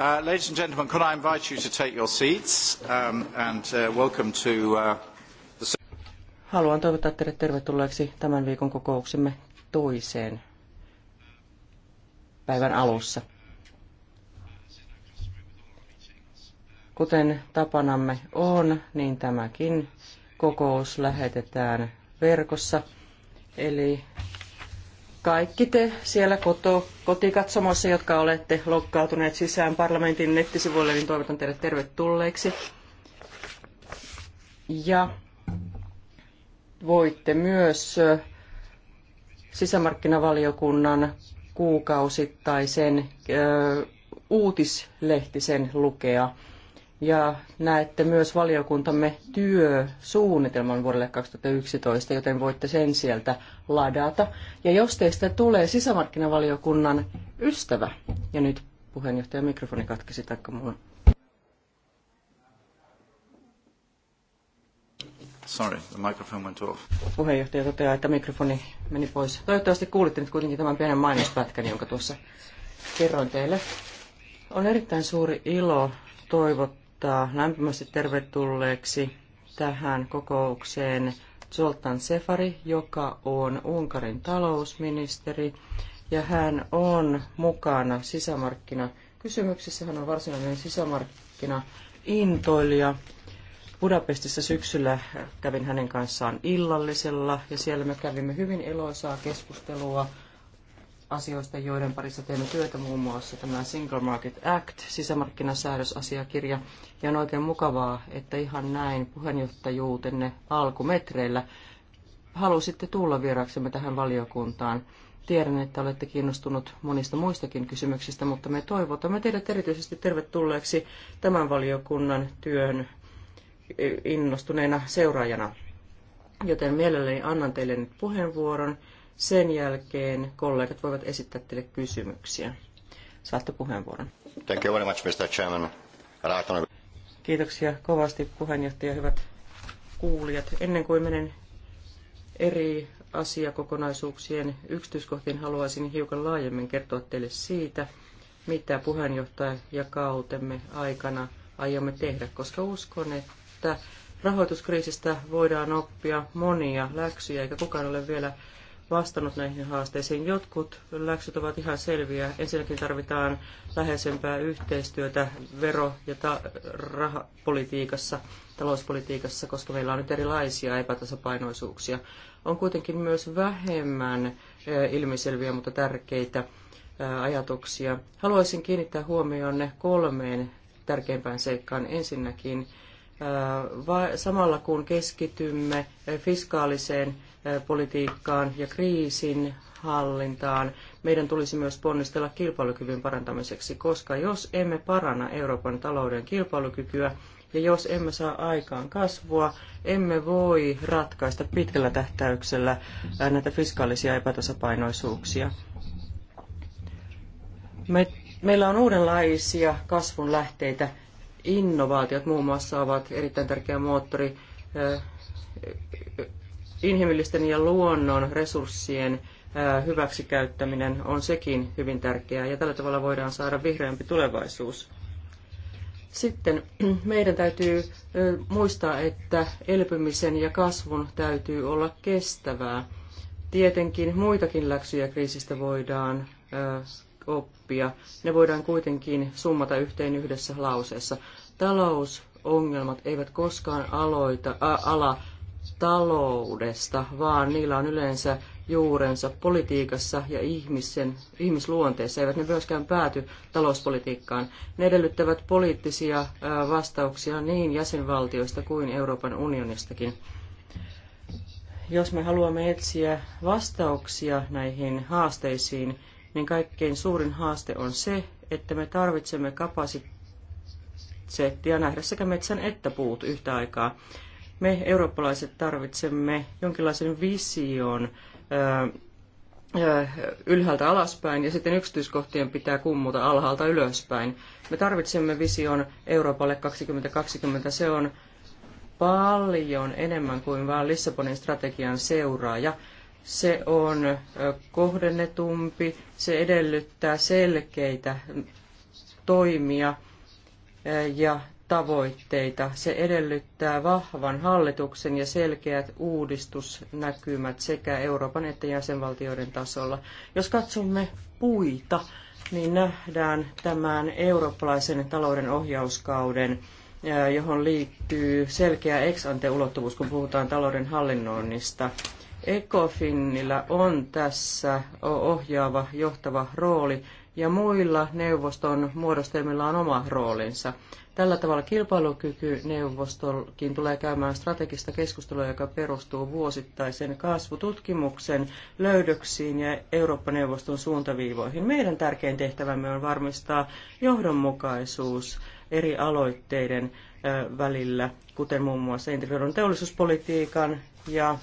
Uh, ladies and gentlemen, could I invite you to take your seats um, and uh, welcome to uh, the... Haluan toivottaa teidät tervetulleeksi tämän viikon kokouksemme toiseen päivän alussa. Kuten tapanamme on, niin tämäkin kokous lähetetään verkossa, eli kaikki te siellä koto, kotikatsomossa, jotka olette lokkautuneet sisään parlamentin nettisivuille, niin toivotan teidät tervetulleiksi. Ja voitte myös sisämarkkinavaliokunnan kuukausittaisen ö, uutislehtisen lukea ja näette myös valiokuntamme työsuunnitelman vuodelle 2011, joten voitte sen sieltä ladata. Ja jos teistä tulee sisämarkkinavaliokunnan ystävä, ja nyt puheenjohtaja mikrofoni katkesi taikka mulla. Sorry, the microphone went off. Puheenjohtaja toteaa, että mikrofoni meni pois. Toivottavasti kuulitte nyt kuitenkin tämän pienen mainospätkän, jonka tuossa kerroin teille. On erittäin suuri ilo toivottaa toivottaa lämpimästi tervetulleeksi tähän kokoukseen Zoltan Sefari, joka on Unkarin talousministeri, ja hän on mukana sisämarkkinakysymyksissä. Hän on varsinainen sisämarkkinaintoilija. Budapestissa syksyllä kävin hänen kanssaan illallisella, ja siellä me kävimme hyvin eloisaa keskustelua asioista, joiden parissa teemme työtä, muun muassa tämä Single Market Act, sisämarkkinasäädösasiakirja. Ja on oikein mukavaa, että ihan näin puheenjohtajuutenne alkumetreillä halusitte tulla vieraksemme tähän valiokuntaan. Tiedän, että olette kiinnostunut monista muistakin kysymyksistä, mutta me toivotamme teidät erityisesti tervetulleeksi tämän valiokunnan työn e, innostuneena seuraajana. Joten mielelläni annan teille nyt puheenvuoron sen jälkeen kollegat voivat esittää teille kysymyksiä. Saatte puheenvuoron. Thank you very much, Mr. Chairman. Kiitoksia kovasti puheenjohtaja, hyvät kuulijat. Ennen kuin menen eri asiakokonaisuuksien yksityiskohtiin, haluaisin hiukan laajemmin kertoa teille siitä, mitä puheenjohtaja ja kautemme aikana aiomme tehdä, koska uskon, että rahoituskriisistä voidaan oppia monia läksyjä, eikä kukaan ole vielä vastannut näihin haasteisiin. Jotkut läksyt ovat ihan selviä. Ensinnäkin tarvitaan läheisempää yhteistyötä vero- ja ta- rahapolitiikassa, talouspolitiikassa, koska meillä on nyt erilaisia epätasapainoisuuksia. On kuitenkin myös vähemmän ilmiselviä, mutta tärkeitä ajatuksia. Haluaisin kiinnittää huomionne kolmeen tärkeimpään seikkaan. Ensinnäkin samalla kun keskitymme fiskaaliseen politiikkaan ja kriisin hallintaan, meidän tulisi myös ponnistella kilpailukyvyn parantamiseksi, koska jos emme paranna Euroopan talouden kilpailukykyä ja jos emme saa aikaan kasvua, emme voi ratkaista pitkällä tähtäyksellä näitä fiskaalisia epätasapainoisuuksia. Me, meillä on uudenlaisia kasvun lähteitä. Innovaatiot muun muassa ovat erittäin tärkeä moottori inhimillisten ja luonnon resurssien hyväksikäyttäminen on sekin hyvin tärkeää ja tällä tavalla voidaan saada vihreämpi tulevaisuus. Sitten meidän täytyy muistaa, että elpymisen ja kasvun täytyy olla kestävää. Tietenkin muitakin läksyjä kriisistä voidaan oppia. Ne voidaan kuitenkin summata yhteen yhdessä lauseessa. Talousongelmat eivät koskaan aloita, ala taloudesta, vaan niillä on yleensä juurensa politiikassa ja ihmisen, ihmisluonteessa, eivät ne myöskään pääty talouspolitiikkaan. Ne edellyttävät poliittisia vastauksia niin jäsenvaltioista kuin Euroopan unionistakin. Jos me haluamme etsiä vastauksia näihin haasteisiin, niin kaikkein suurin haaste on se, että me tarvitsemme kapasiteettia nähdä sekä metsän että puut yhtä aikaa. Me eurooppalaiset tarvitsemme jonkinlaisen vision ylhäältä alaspäin ja sitten yksityiskohtien pitää kummuta alhaalta ylöspäin. Me tarvitsemme vision Euroopalle 2020. Se on paljon enemmän kuin vain Lissabonin strategian seuraaja. Se on kohdennetumpi, se edellyttää selkeitä toimia ja tavoitteita. Se edellyttää vahvan hallituksen ja selkeät uudistusnäkymät sekä Euroopan että jäsenvaltioiden tasolla. Jos katsomme puita, niin nähdään tämän eurooppalaisen talouden ohjauskauden, johon liittyy selkeä ex-ante-ulottuvuus, kun puhutaan talouden hallinnoinnista. Ecofinilla on tässä ohjaava, johtava rooli ja muilla neuvoston muodostelmilla on oma roolinsa. Tällä tavalla kilpailukykyneuvostolkin tulee käymään strategista keskustelua, joka perustuu vuosittaisen kasvututkimuksen löydöksiin ja Eurooppa-neuvoston suuntaviivoihin. Meidän tärkein tehtävämme on varmistaa johdonmukaisuus eri aloitteiden välillä, kuten muun muassa integroidun teollisuuspolitiikan ja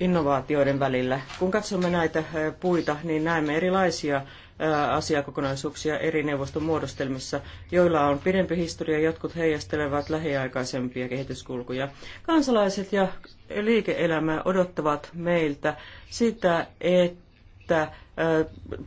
innovaatioiden välillä. Kun katsomme näitä puita, niin näemme erilaisia asiakokonaisuuksia eri neuvoston muodostelmissa, joilla on pidempi historia, jotkut heijastelevat lähiaikaisempia kehityskulkuja. Kansalaiset ja liike-elämä odottavat meiltä sitä, että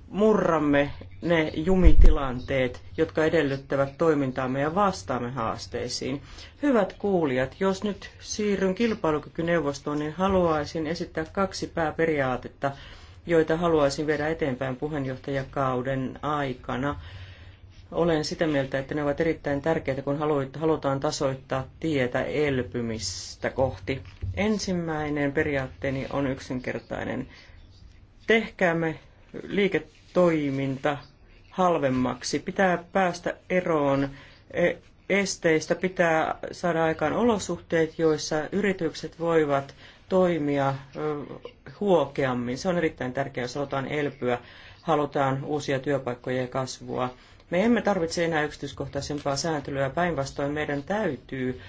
murramme ne jumitilanteet, jotka edellyttävät toimintaamme ja vastaamme haasteisiin. Hyvät kuulijat, jos nyt siirryn kilpailukykyneuvostoon, niin haluaisin esittää kaksi pääperiaatetta – joita haluaisin viedä eteenpäin puheenjohtajakauden aikana. Olen sitä mieltä, että ne ovat erittäin tärkeitä, kun halutaan tasoittaa tietä elpymistä kohti. Ensimmäinen periaatteeni on yksinkertainen. Tehkäämme liiketoiminta halvemmaksi. Pitää päästä eroon e- esteistä, pitää saada aikaan olosuhteet, joissa yritykset voivat toimia huokeammin. Se on erittäin tärkeää, jos halutaan elpyä, halutaan uusia työpaikkoja ja kasvua. Me emme tarvitse enää yksityiskohtaisempaa sääntelyä, päinvastoin meidän täytyy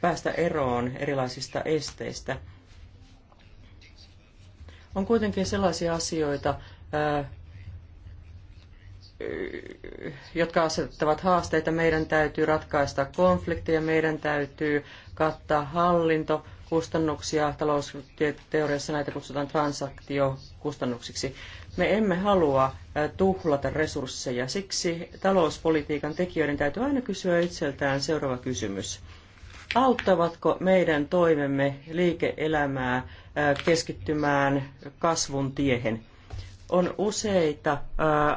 päästä eroon erilaisista esteistä. On kuitenkin sellaisia asioita, jotka asettavat haasteita. Meidän täytyy ratkaista konflikteja, meidän täytyy kattaa hallinto, kustannuksia. Talousteoriassa näitä kutsutaan transaktiokustannuksiksi. Me emme halua tuhlata resursseja, siksi talouspolitiikan tekijöiden täytyy aina kysyä itseltään seuraava kysymys. Auttavatko meidän toimemme liike-elämää keskittymään kasvun tiehen? On useita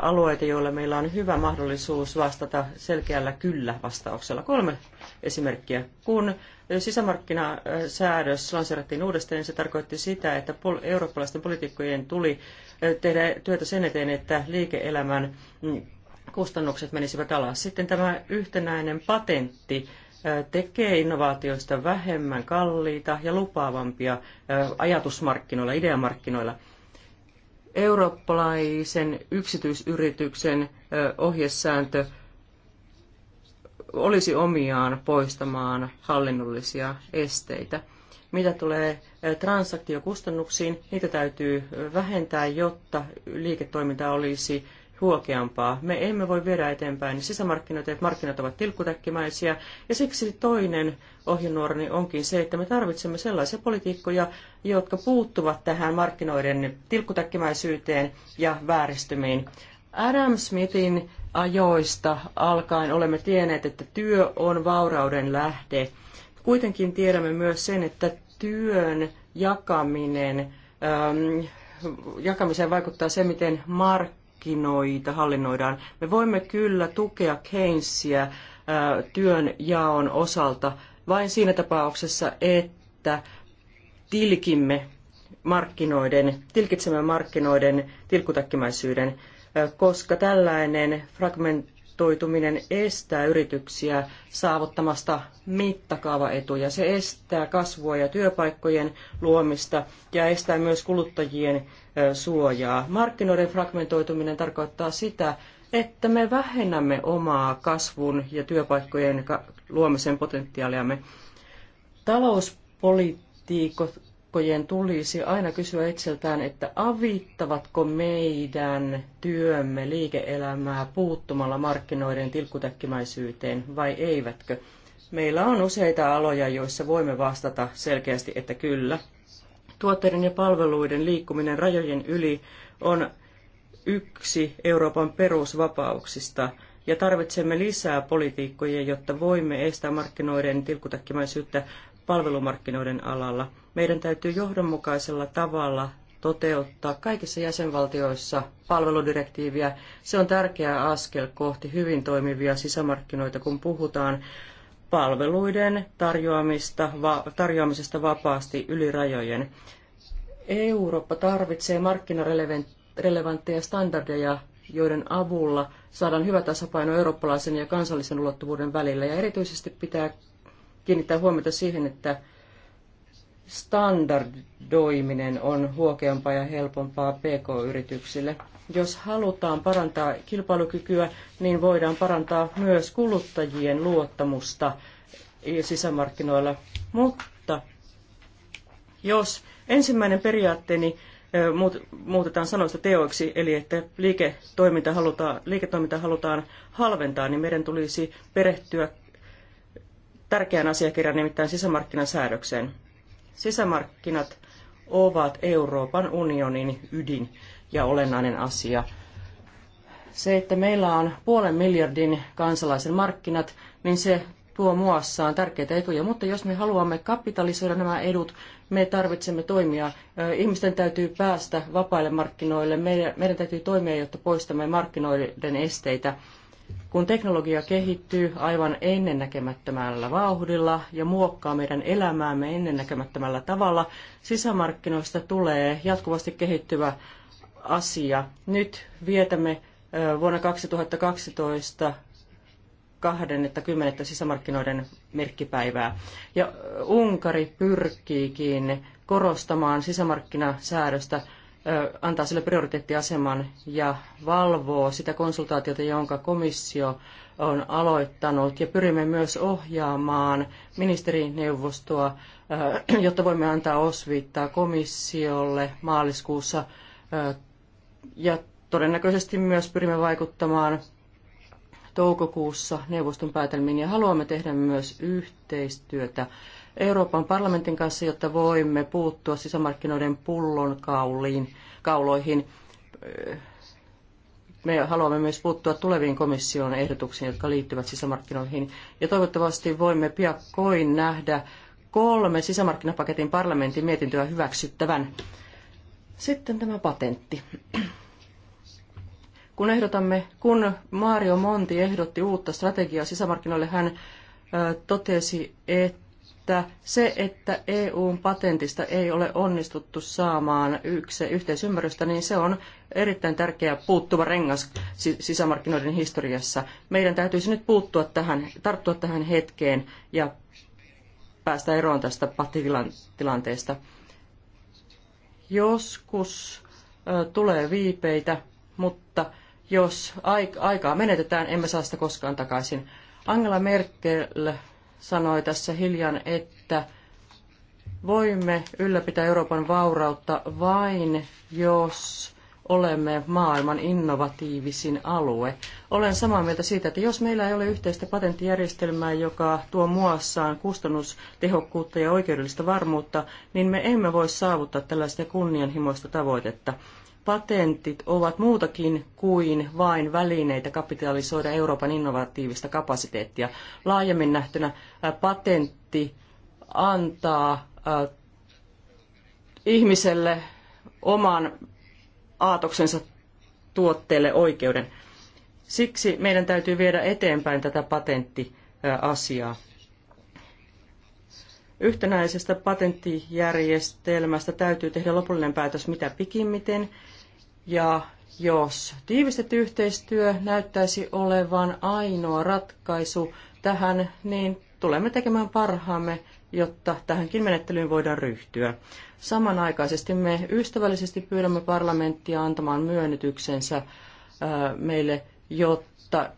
alueita, joilla meillä on hyvä mahdollisuus vastata selkeällä kyllä-vastauksella. Kolme esimerkkiä. Kun sisämarkkinasäädös lanseerattiin uudestaan, niin se tarkoitti sitä, että eurooppalaisten poliitikkojen tuli tehdä työtä sen eteen, että liike-elämän kustannukset menisivät alas. Sitten tämä yhtenäinen patentti tekee innovaatioista vähemmän kalliita ja lupaavampia ajatusmarkkinoilla, ideamarkkinoilla. Eurooppalaisen yksityisyrityksen ohjesääntö olisi omiaan poistamaan hallinnollisia esteitä. Mitä tulee eh, transaktiokustannuksiin, niitä täytyy vähentää, jotta liiketoiminta olisi huokeampaa. Me emme voi viedä eteenpäin sisämarkkinoita, että markkinat ovat tilkkutäkkimäisiä. Ja siksi toinen ohjenuorani onkin se, että me tarvitsemme sellaisia politiikkoja, jotka puuttuvat tähän markkinoiden tilkkutäkkimäisyyteen ja vääristymiin. Adam Smithin ajoista alkaen olemme tienneet, että työ on vaurauden lähde. Kuitenkin tiedämme myös sen, että työn jakaminen, ähm, jakamiseen vaikuttaa se, miten markkinoita hallinnoidaan. Me voimme kyllä tukea Keynesiä äh, työn jaon osalta vain siinä tapauksessa, että tilkimme markkinoiden, tilkitsemme markkinoiden tilkutäkkimäisyyden koska tällainen fragmentoituminen estää yrityksiä saavuttamasta mittakaavaetuja. Se estää kasvua ja työpaikkojen luomista ja estää myös kuluttajien suojaa. Markkinoiden fragmentoituminen tarkoittaa sitä, että me vähennämme omaa kasvun ja työpaikkojen luomisen potentiaaliamme. Talouspolitiikot poliitikkojen tulisi aina kysyä itseltään, että avittavatko meidän työmme liike-elämää puuttumalla markkinoiden tilkkutäkkimäisyyteen vai eivätkö. Meillä on useita aloja, joissa voimme vastata selkeästi, että kyllä. Tuotteiden ja palveluiden liikkuminen rajojen yli on yksi Euroopan perusvapauksista, ja tarvitsemme lisää politiikkoja, jotta voimme estää markkinoiden tilkkutäkkimäisyyttä palvelumarkkinoiden alalla. Meidän täytyy johdonmukaisella tavalla toteuttaa kaikissa jäsenvaltioissa palveludirektiiviä. Se on tärkeä askel kohti hyvin toimivia sisämarkkinoita, kun puhutaan palveluiden tarjoamista, va, tarjoamisesta vapaasti yli rajojen. Eurooppa tarvitsee markkinarelevantteja standardeja, joiden avulla saadaan hyvä tasapaino eurooppalaisen ja kansallisen ulottuvuuden välillä. Ja erityisesti pitää kiinnittää huomiota siihen, että standardoiminen on huokeampaa ja helpompaa pk-yrityksille. Jos halutaan parantaa kilpailukykyä, niin voidaan parantaa myös kuluttajien luottamusta sisämarkkinoilla. Mutta jos ensimmäinen periaatteeni muutetaan sanoista teoiksi, eli että liiketoiminta halutaan, liiketoiminta halutaan halventaa, niin meidän tulisi perehtyä tärkeän asiakirjan, nimittäin sisämarkkinasäädökseen. Sisämarkkinat ovat Euroopan unionin ydin ja olennainen asia. Se, että meillä on puolen miljardin kansalaisen markkinat, niin se tuo muassaan tärkeitä etuja, mutta jos me haluamme kapitalisoida nämä edut, me tarvitsemme toimia. Ihmisten täytyy päästä vapaille markkinoille, meidän, meidän täytyy toimia, jotta poistamme markkinoiden esteitä kun teknologia kehittyy aivan ennennäkemättömällä vauhdilla ja muokkaa meidän elämäämme ennennäkemättömällä tavalla, sisämarkkinoista tulee jatkuvasti kehittyvä asia. Nyt vietämme vuonna 2012 20. sisämarkkinoiden merkkipäivää. Ja Unkari pyrkiikin korostamaan sisämarkkinasäädöstä antaa sille prioriteettiaseman ja valvoo sitä konsultaatiota, jonka komissio on aloittanut. Ja pyrimme myös ohjaamaan ministerineuvostoa, jotta voimme antaa osviittaa komissiolle maaliskuussa. Ja todennäköisesti myös pyrimme vaikuttamaan toukokuussa neuvoston päätelmiin ja haluamme tehdä myös yhteistyötä Euroopan parlamentin kanssa, jotta voimme puuttua sisämarkkinoiden pullonkauliin, kauloihin. Me haluamme myös puuttua tuleviin komission ehdotuksiin, jotka liittyvät sisämarkkinoihin. Ja toivottavasti voimme piakkoin nähdä kolme sisämarkkinapaketin parlamentin mietintöä hyväksyttävän. Sitten tämä patentti. Kun ehdotamme, kun Mario Monti ehdotti uutta strategiaa sisämarkkinoille, hän totesi, että että se, että EUn patentista ei ole onnistuttu saamaan yksi yhteisymmärrystä, niin se on erittäin tärkeä puuttuva rengas sisämarkkinoiden historiassa. Meidän täytyisi nyt puuttua tähän, tarttua tähän hetkeen ja päästä eroon tästä pattitilanteesta. Joskus tulee viipeitä, mutta jos aikaa menetetään, emme saa sitä koskaan takaisin. Angela Merkel sanoi tässä hiljan, että voimme ylläpitää Euroopan vaurautta vain, jos olemme maailman innovatiivisin alue. Olen samaa mieltä siitä, että jos meillä ei ole yhteistä patenttijärjestelmää, joka tuo muassaan kustannustehokkuutta ja oikeudellista varmuutta, niin me emme voi saavuttaa tällaista kunnianhimoista tavoitetta – patentit ovat muutakin kuin vain välineitä kapitalisoida Euroopan innovatiivista kapasiteettia. Laajemmin nähtynä patentti antaa ihmiselle oman aatoksensa tuotteelle oikeuden. Siksi meidän täytyy viedä eteenpäin tätä patenttiasiaa. Yhtenäisestä patenttijärjestelmästä täytyy tehdä lopullinen päätös mitä pikimmiten ja jos tiivistetty yhteistyö näyttäisi olevan ainoa ratkaisu tähän, niin tulemme tekemään parhaamme, jotta tähänkin menettelyyn voidaan ryhtyä. Samanaikaisesti me ystävällisesti pyydämme parlamenttia antamaan myönnytyksensä meille, jotta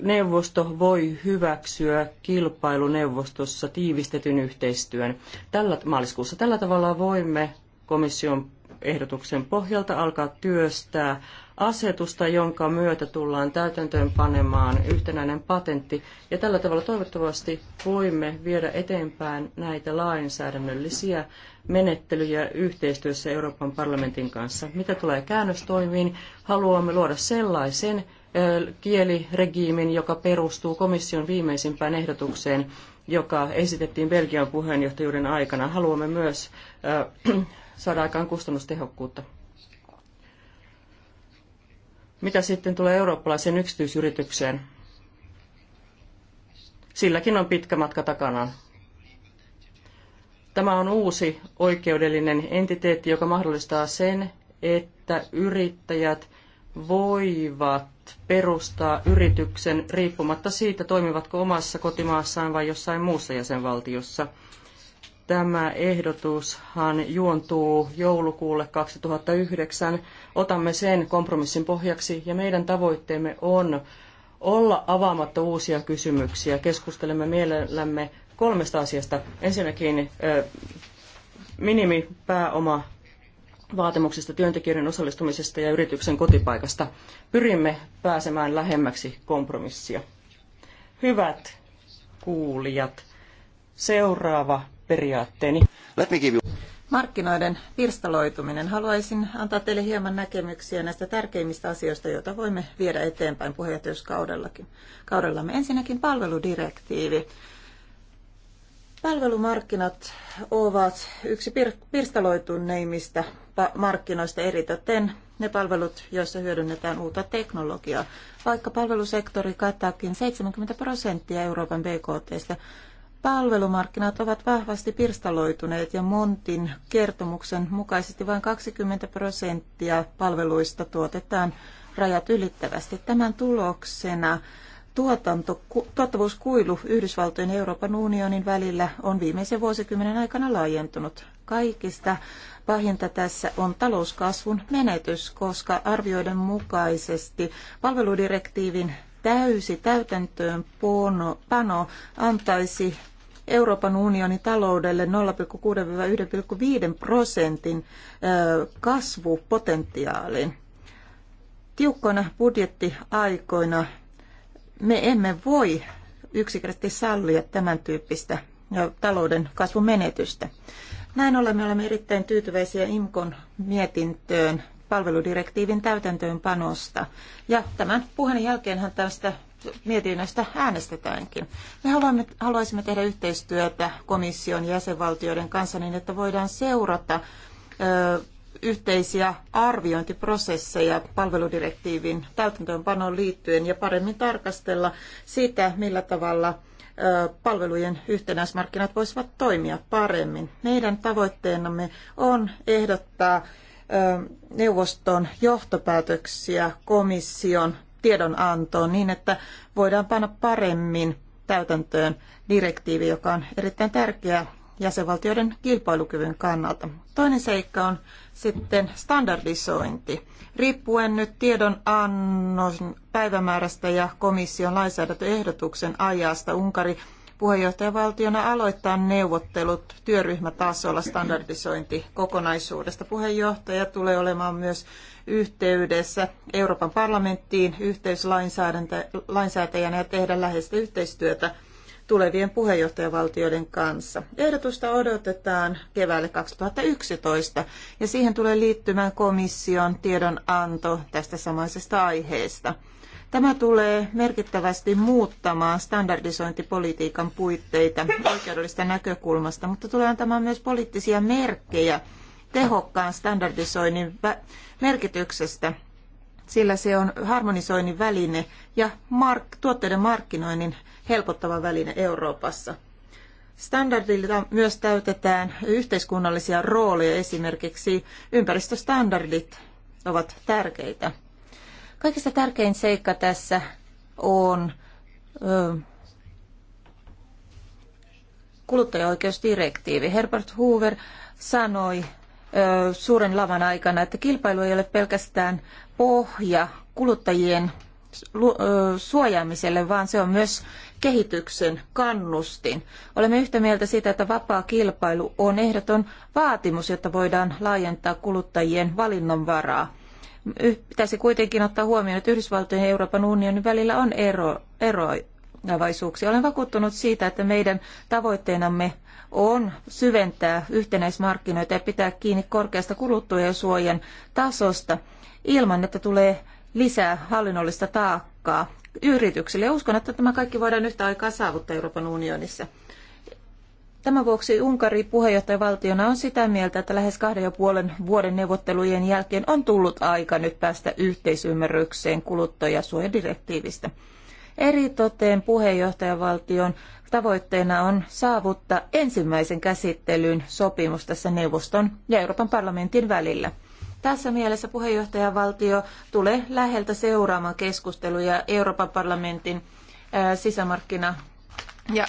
neuvosto voi hyväksyä kilpailuneuvostossa tiivistetyn yhteistyön. Tällä maaliskuussa tällä tavalla voimme komission ehdotuksen pohjalta alkaa työstää asetusta, jonka myötä tullaan täytäntöön panemaan yhtenäinen patentti. Ja tällä tavalla toivottavasti voimme viedä eteenpäin näitä lainsäädännöllisiä menettelyjä yhteistyössä Euroopan parlamentin kanssa. Mitä tulee käännöstoimiin, haluamme luoda sellaisen kieliregiimin, joka perustuu komission viimeisimpään ehdotukseen, joka esitettiin Belgian puheenjohtajuuden aikana. Haluamme myös saada aikaan kustannustehokkuutta. Mitä sitten tulee eurooppalaiseen yksityisyritykseen? Silläkin on pitkä matka takanaan. Tämä on uusi oikeudellinen entiteetti, joka mahdollistaa sen, että yrittäjät voivat perustaa yrityksen riippumatta siitä, toimivatko omassa kotimaassaan vai jossain muussa jäsenvaltiossa – Tämä ehdotushan juontuu joulukuulle 2009. Otamme sen kompromissin pohjaksi ja meidän tavoitteemme on olla avaamatta uusia kysymyksiä. Keskustelemme mielellämme kolmesta asiasta. Ensinnäkin minimipääoma vaatimuksista työntekijöiden osallistumisesta ja yrityksen kotipaikasta. Pyrimme pääsemään lähemmäksi kompromissia. Hyvät kuulijat, seuraava periaatteeni. Markkinoiden pirstaloituminen. Haluaisin antaa teille hieman näkemyksiä näistä tärkeimmistä asioista, joita voimme viedä eteenpäin puheenjohtajuuskaudellakin. Kaudellamme ensinnäkin palveludirektiivi. Palvelumarkkinat ovat yksi pirstaloituneimmista markkinoista eritoten ne palvelut, joissa hyödynnetään uutta teknologiaa. Vaikka palvelusektori kattaakin 70 prosenttia Euroopan BKTstä, Palvelumarkkinat ovat vahvasti pirstaloituneet ja Montin kertomuksen mukaisesti vain 20 prosenttia palveluista tuotetaan rajat ylittävästi. Tämän tuloksena tuotanto, tuottavuuskuilu Yhdysvaltojen ja Euroopan unionin välillä on viimeisen vuosikymmenen aikana laajentunut. Kaikista pahinta tässä on talouskasvun menetys, koska arvioiden mukaisesti palveludirektiivin täysi täytäntöönpano antaisi Euroopan unionin taloudelle 0,6-1,5 prosentin kasvupotentiaalin. Tiukkoina budjettiaikoina me emme voi yksinkertaisesti sallia tämän tyyppistä talouden kasvumenetystä. Näin ollen me olemme erittäin tyytyväisiä IMKON mietintöön palveludirektiivin täytäntöönpanosta. Ja tämän puheen jälkeenhän tästä mietinnöstä äänestetäänkin. Me haluamme, haluaisimme tehdä yhteistyötä komission ja jäsenvaltioiden kanssa niin, että voidaan seurata ö, yhteisiä arviointiprosesseja palveludirektiivin täytäntöönpanoon liittyen ja paremmin tarkastella sitä, millä tavalla palvelujen yhtenäismarkkinat voisivat toimia paremmin. Meidän tavoitteenamme on ehdottaa neuvoston johtopäätöksiä komission tiedonantoon niin, että voidaan panna paremmin täytäntöön direktiivi, joka on erittäin tärkeä jäsenvaltioiden kilpailukyvyn kannalta. Toinen seikka on sitten standardisointi. Riippuen nyt tiedonannon päivämäärästä ja komission lainsäädäntöehdotuksen ajasta Unkari puheenjohtajavaltiona aloittaa neuvottelut työryhmätasolla standardisointikokonaisuudesta. Puheenjohtaja tulee olemaan myös yhteydessä Euroopan parlamenttiin yhteislainsäätäjänä ja tehdä läheistä yhteistyötä tulevien puheenjohtajavaltioiden kanssa. Ehdotusta odotetaan keväälle 2011 ja siihen tulee liittymään komission tiedonanto tästä samaisesta aiheesta. Tämä tulee merkittävästi muuttamaan standardisointipolitiikan puitteita oikeudellisesta näkökulmasta, mutta tulee antamaan myös poliittisia merkkejä tehokkaan standardisoinnin merkityksestä, sillä se on harmonisoinnin väline ja tuotteiden markkinoinnin helpottava väline Euroopassa. Standardilla myös täytetään yhteiskunnallisia rooleja, esimerkiksi ympäristöstandardit ovat tärkeitä. Kaikista tärkein seikka tässä on kuluttajaoikeusdirektiivi. Herbert Hoover sanoi suuren lavan aikana, että kilpailu ei ole pelkästään pohja kuluttajien suojaamiselle, vaan se on myös kehityksen kannustin. Olemme yhtä mieltä siitä, että vapaa kilpailu on ehdoton vaatimus, jotta voidaan laajentaa kuluttajien valinnanvaraa. Pitäisi kuitenkin ottaa huomioon, että Yhdysvaltojen ja Euroopan unionin välillä on ero, eroavaisuuksia. Olen vakuuttunut siitä, että meidän tavoitteenamme on syventää yhtenäismarkkinoita ja pitää kiinni korkeasta suojan tasosta ilman, että tulee lisää hallinnollista taakkaa yrityksille. Uskon, että tämä kaikki voidaan yhtä aikaa saavuttaa Euroopan unionissa. Tämän vuoksi Unkari puheenjohtajavaltiona on sitä mieltä, että lähes kahden ja puolen vuoden neuvottelujen jälkeen on tullut aika nyt päästä yhteisymmärrykseen kuluttajasuojadirektiivistä. toteen puheenjohtajavaltion tavoitteena on saavuttaa ensimmäisen käsittelyn sopimus tässä neuvoston ja Euroopan parlamentin välillä. Tässä mielessä puheenjohtajavaltio tulee läheltä seuraamaan keskusteluja Euroopan parlamentin sisämarkkina- ja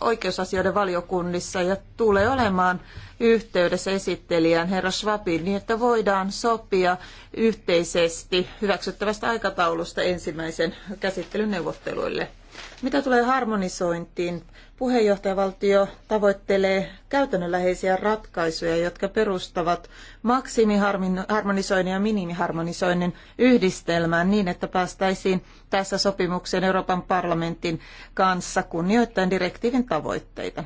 oikeusasioiden valiokunnissa ja tulee olemaan yhteydessä esittelijään herra Schwabin niin, että voidaan sopia yhteisesti hyväksyttävästä aikataulusta ensimmäisen käsittelyn neuvotteluille. Mitä tulee harmonisointiin? Puheenjohtajavaltio tavoittelee käytännönläheisiä ratkaisuja, jotka perustavat maksimiharmonisoinnin ja minimiharmonisoinnin yhdistelmään niin, että päästäisiin tässä sopimukseen Euroopan parlamentin kanssa kunnioittaen direktiivin tavoitteita.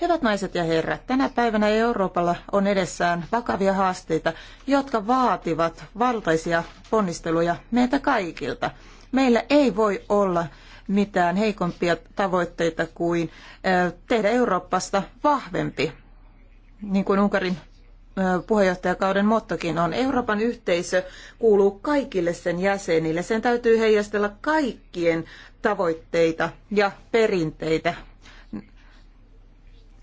Hyvät naiset ja herrat, tänä päivänä Euroopalla on edessään vakavia haasteita, jotka vaativat valtaisia ponnisteluja meiltä kaikilta. Meillä ei voi olla mitään heikompia tavoitteita kuin tehdä Euroopasta vahvempi, niin kuin Unkarin puheenjohtajakauden mottokin on. Euroopan yhteisö kuuluu kaikille sen jäsenille. Sen täytyy heijastella kaikkien tavoitteita ja perinteitä.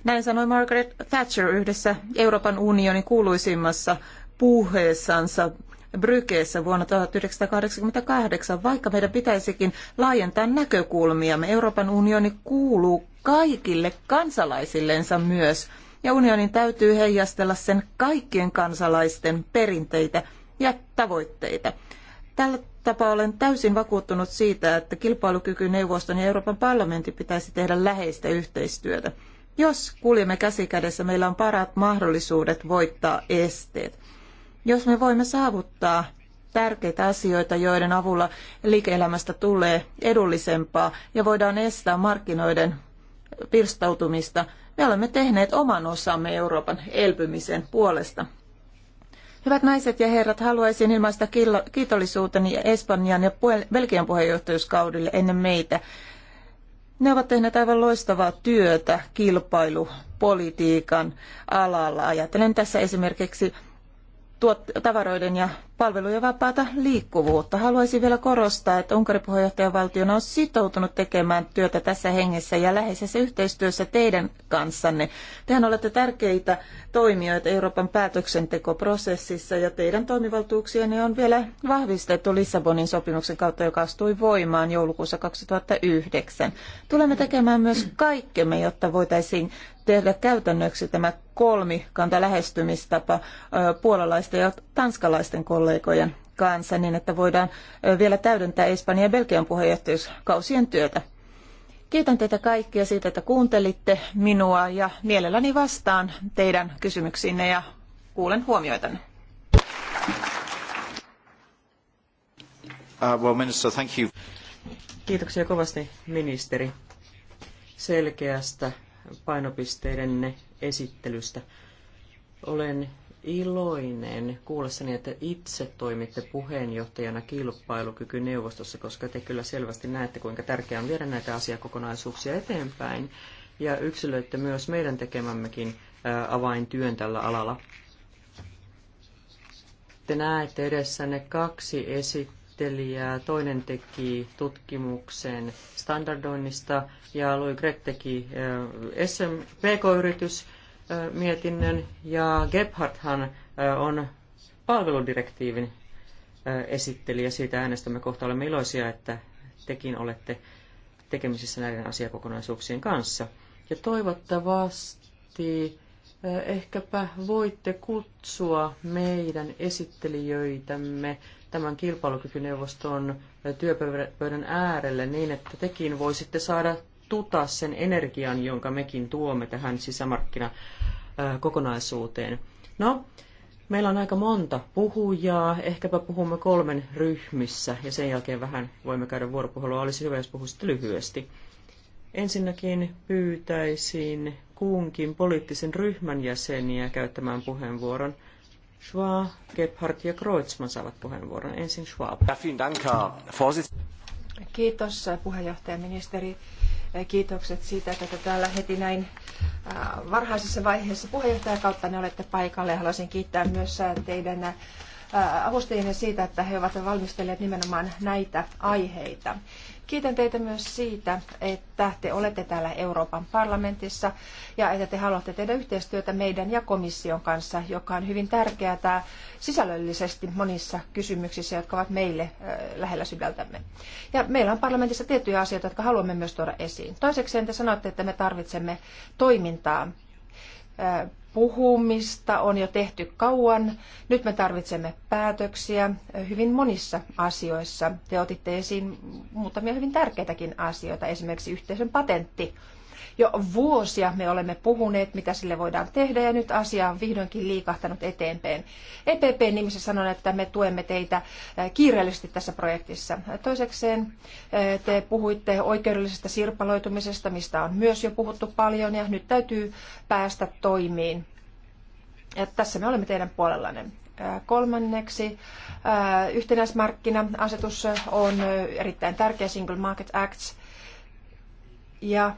Näin sanoi Margaret Thatcher yhdessä Euroopan unionin kuuluisimmassa puheessansa Brykeessä vuonna 1988, vaikka meidän pitäisikin laajentaa näkökulmiamme. Euroopan unioni kuuluu kaikille kansalaisillensa myös, ja unionin täytyy heijastella sen kaikkien kansalaisten perinteitä ja tavoitteita. Tällä tapaa olen täysin vakuuttunut siitä, että kilpailukykyneuvoston ja Euroopan parlamentin pitäisi tehdä läheistä yhteistyötä. Jos kuljemme käsi kädessä, meillä on parat mahdollisuudet voittaa esteet. Jos me voimme saavuttaa tärkeitä asioita, joiden avulla liike-elämästä tulee edullisempaa ja voidaan estää markkinoiden pirstautumista, me olemme tehneet oman osamme Euroopan elpymisen puolesta. Hyvät naiset ja herrat, haluaisin ilmaista kiitollisuuteni Espanjan ja Belgian puheenjohtajuuskaudelle ennen meitä. Ne ovat tehneet aivan loistavaa työtä kilpailupolitiikan alalla. Ajattelen tässä esimerkiksi tuot- tavaroiden ja palvelujen vapaata liikkuvuutta. Haluaisin vielä korostaa, että Unkarin puheenjohtajavaltiona on sitoutunut tekemään työtä tässä hengessä ja läheisessä yhteistyössä teidän kanssanne. Tehän olette tärkeitä toimijoita Euroopan päätöksentekoprosessissa ja teidän toimivaltuuksienne on vielä vahvistettu Lissabonin sopimuksen kautta, joka astui voimaan joulukuussa 2009. Tulemme tekemään myös kaikkemme, jotta voitaisiin tehdä käytännöksi tämä kolmikanta lähestymistapa puolalaisten ja tanskalaisten kollegojen kanssa niin, että voidaan vielä täydentää Espanjan ja Belgian puheenjohtajuuskausien työtä. Kiitän teitä kaikkia siitä, että kuuntelitte minua ja mielelläni vastaan teidän kysymyksiinne ja kuulen huomioitanne. Uh, well, minister, thank you. Kiitoksia kovasti ministeri selkeästä painopisteidenne esittelystä. Olen iloinen kuullessani, että itse toimitte puheenjohtajana kilpailukykyneuvostossa, koska te kyllä selvästi näette, kuinka tärkeää on viedä näitä asiakokonaisuuksia eteenpäin. Ja yksilöitte myös meidän tekemämmekin avaintyön tällä alalla. Te näette edessänne kaksi esittelyä esittelijää, toinen teki tutkimuksen standardoinnista ja Louis Gret teki eh, SMPK-yritysmietinnön eh, mietinnön ja Gebharthan eh, on palveludirektiivin esittelijä. Siitä äänestämme kohta. Olemme iloisia, että tekin olette tekemisissä näiden asiakokonaisuuksien kanssa. Ja toivottavasti ehkäpä voitte kutsua meidän esittelijöitämme tämän kilpailukykyneuvoston työpöydän äärelle niin, että tekin voisitte saada tuta sen energian, jonka mekin tuomme tähän sisämarkkinakokonaisuuteen. No, meillä on aika monta puhujaa. Ehkäpä puhumme kolmen ryhmissä ja sen jälkeen vähän voimme käydä vuoropuhelua. Olisi hyvä, jos puhuisitte lyhyesti. Ensinnäkin pyytäisin kunkin poliittisen ryhmän jäseniä käyttämään puheenvuoron. Schwab, Gebhardt ja Kreutzmann saavat puheenvuoron. Ensin Schwab. Kiitos puheenjohtaja ministeri. Kiitokset siitä, että te täällä heti näin varhaisessa vaiheessa puheenjohtajakautta ne olette paikalle. Ja haluaisin kiittää myös teidän avustajienne siitä, että he ovat valmistelleet nimenomaan näitä aiheita. Kiitän teitä myös siitä, että te olette täällä Euroopan parlamentissa ja että te haluatte tehdä yhteistyötä meidän ja komission kanssa, joka on hyvin tärkeää sisällöllisesti monissa kysymyksissä, jotka ovat meille lähellä sydältämme. Ja meillä on parlamentissa tiettyjä asioita, jotka haluamme myös tuoda esiin. Toisekseen te sanoitte, että me tarvitsemme toimintaa puhumista on jo tehty kauan. Nyt me tarvitsemme päätöksiä hyvin monissa asioissa. Te otitte esiin muutamia hyvin tärkeitäkin asioita, esimerkiksi yhteisön patentti jo vuosia me olemme puhuneet, mitä sille voidaan tehdä ja nyt asia on vihdoinkin liikahtanut eteenpäin. EPP nimissä sanon, että me tuemme teitä äh, kiireellisesti tässä projektissa. Toisekseen äh, te puhuitte oikeudellisesta sirpaloitumisesta, mistä on myös jo puhuttu paljon ja nyt täytyy päästä toimiin. Ja tässä me olemme teidän puolellanne. Äh, kolmanneksi yhtenäismarkkina-asetus on erittäin tärkeä Single Market Act ja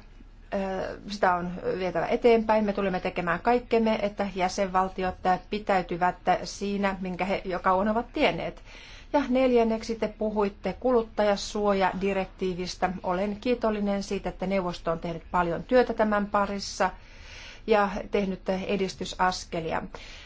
sitä on vietävä eteenpäin. Me tulemme tekemään kaikkemme, että jäsenvaltiot pitäytyvät siinä, minkä he jo kauan ovat tienneet. Ja neljänneksi te puhuitte kuluttajasuojadirektiivistä. Olen kiitollinen siitä, että neuvosto on tehnyt paljon työtä tämän parissa ja tehnyt edistysaskelia.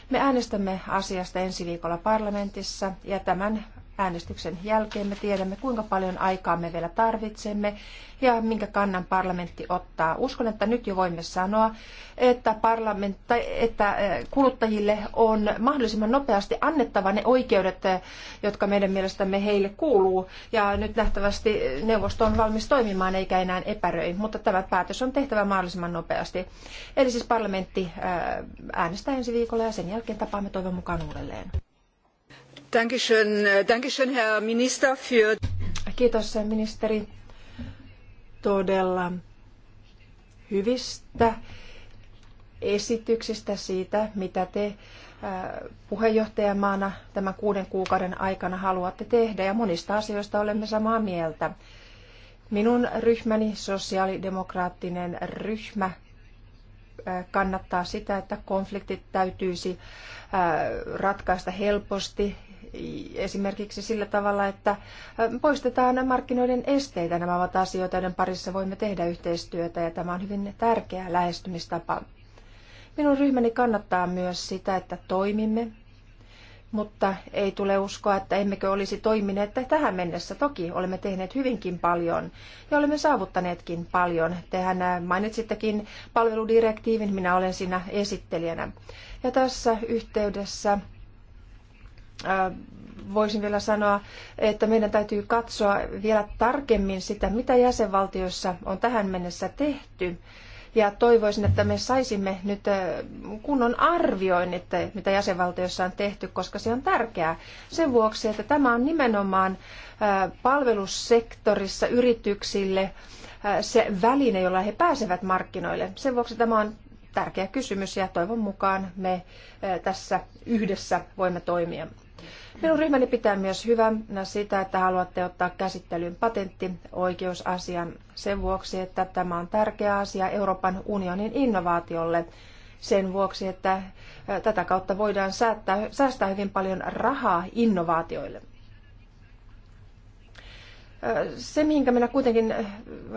Me äänestämme asiasta ensi viikolla parlamentissa ja tämän äänestyksen jälkeen me tiedämme, kuinka paljon aikaa me vielä tarvitsemme ja minkä kannan parlamentti ottaa. Uskon, että nyt jo voimme sanoa, että, parlament, että eh, kuluttajille on mahdollisimman nopeasti annettava ne oikeudet, eh, jotka meidän mielestämme heille kuuluu. Ja nyt nähtävästi neuvosto on valmis toimimaan eikä enää epäröi, mutta tämä päätös on tehtävä mahdollisimman nopeasti. Eli siis parlamentti eh, äänestää ensi viikolla ja sen jälkeen tapaamme toivon mukaan uudelleen. Äh, Kiitos äh, ministeri todella hyvistä esityksistä siitä, mitä te äh, puheenjohtajamaana tämän kuuden kuukauden aikana haluatte tehdä ja monista asioista olemme samaa mieltä. Minun ryhmäni, sosiaalidemokraattinen ryhmä, kannattaa sitä, että konfliktit täytyisi ratkaista helposti esimerkiksi sillä tavalla, että poistetaan markkinoiden esteitä. Nämä ovat asioita, joiden parissa voimme tehdä yhteistyötä ja tämä on hyvin tärkeä lähestymistapa. Minun ryhmäni kannattaa myös sitä, että toimimme, mutta ei tule uskoa, että emmekö olisi toimineet tähän mennessä. Toki olemme tehneet hyvinkin paljon ja olemme saavuttaneetkin paljon. Tehän mainitsittekin palveludirektiivin, minä olen siinä esittelijänä. Ja tässä yhteydessä voisin vielä sanoa, että meidän täytyy katsoa vielä tarkemmin sitä, mitä jäsenvaltioissa on tähän mennessä tehty. Ja toivoisin, että me saisimme nyt kunnon että mitä jäsenvaltioissa on tehty, koska se on tärkeää sen vuoksi, että tämä on nimenomaan palvelussektorissa yrityksille se väline, jolla he pääsevät markkinoille. Sen vuoksi tämä on tärkeä kysymys ja toivon mukaan me tässä yhdessä voimme toimia. Minun ryhmäni pitää myös hyvänä sitä, että haluatte ottaa käsittelyyn patenttioikeusasian sen vuoksi, että tämä on tärkeä asia Euroopan unionin innovaatiolle sen vuoksi, että tätä kautta voidaan säättää, säästää hyvin paljon rahaa innovaatioille. Se, mihinkä minä kuitenkin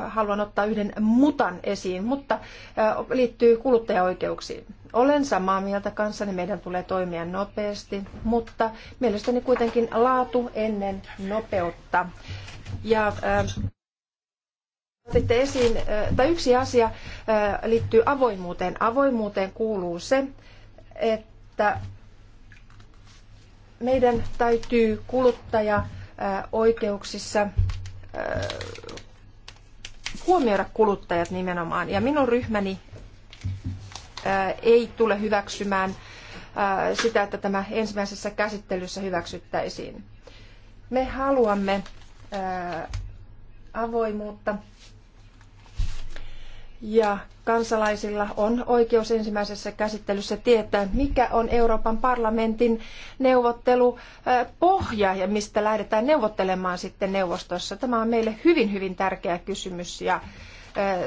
haluan ottaa yhden mutan esiin, mutta liittyy kuluttajaoikeuksiin. Olen samaa mieltä kanssani, meidän tulee toimia nopeasti, mutta mielestäni kuitenkin laatu ennen nopeutta. Ja äh, otitte esiin, äh, tai yksi asia äh, liittyy avoimuuteen. Avoimuuteen kuuluu se, että meidän täytyy kuluttaja-oikeuksissa äh, äh, huomioida kuluttajat nimenomaan. Ja minun ryhmäni Äh, ei tule hyväksymään äh, sitä, että tämä ensimmäisessä käsittelyssä hyväksyttäisiin. Me haluamme äh, avoimuutta ja kansalaisilla on oikeus ensimmäisessä käsittelyssä tietää, mikä on Euroopan parlamentin neuvottelupohja ja mistä lähdetään neuvottelemaan sitten neuvostossa. Tämä on meille hyvin, hyvin tärkeä kysymys ja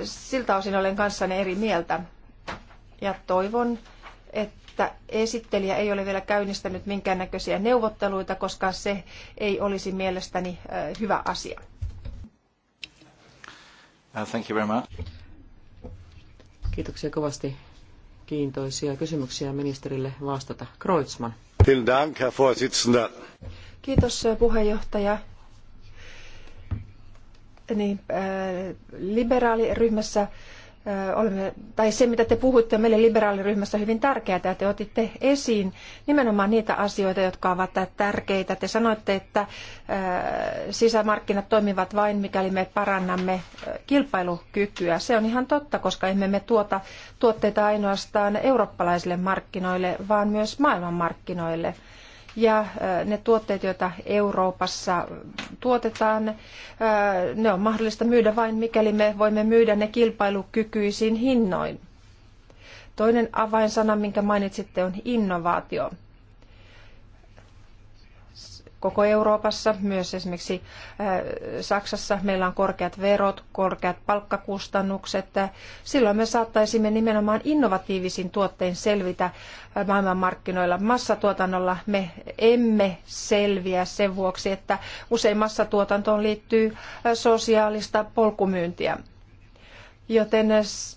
siltä osin olen kanssanne eri mieltä ja toivon, että esittelijä ei ole vielä käynnistänyt minkäännäköisiä neuvotteluita, koska se ei olisi mielestäni hyvä asia. Uh, thank you very much. Kiitoksia kovasti kiintoisia kysymyksiä ministerille vastata. Kreutzmann. Dank, Herr Kiitos puheenjohtaja. Niin, äh, liberaaliryhmässä olemme, tai se, mitä te puhuitte, on meille liberaaliryhmässä hyvin tärkeää, ja te otitte esiin nimenomaan niitä asioita, jotka ovat tärkeitä. Te sanoitte, että sisämarkkinat toimivat vain, mikäli me parannamme kilpailukykyä. Se on ihan totta, koska emme me tuota tuotteita ainoastaan eurooppalaisille markkinoille, vaan myös maailmanmarkkinoille. markkinoille ja äh, ne tuotteet, joita Euroopassa tuotetaan, äh, ne on mahdollista myydä vain mikäli me voimme myydä ne kilpailukykyisin hinnoin. Toinen avainsana, minkä mainitsitte, on innovaatio koko Euroopassa, myös esimerkiksi äh, Saksassa meillä on korkeat verot, korkeat palkkakustannukset. Silloin me saattaisimme nimenomaan innovatiivisin tuottein selvitä äh, maailmanmarkkinoilla. Massatuotannolla me emme selviä sen vuoksi, että usein massatuotantoon liittyy äh, sosiaalista polkumyyntiä. Joten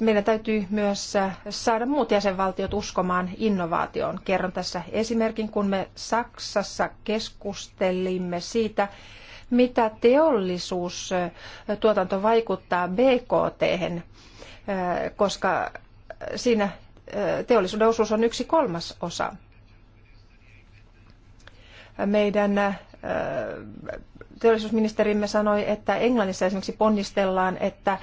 meidän täytyy myös äh, saada muut jäsenvaltiot uskomaan innovaatioon. Kerron tässä esimerkin, kun me Saksassa keskustelimme siitä, mitä teollisuustuotanto äh, vaikuttaa BKT, hen, äh, koska siinä teollisuuden osuus on yksi kolmasosa. Meidän teollisuusministerimme sanoi, että Englannissa esimerkiksi ponnistellaan, että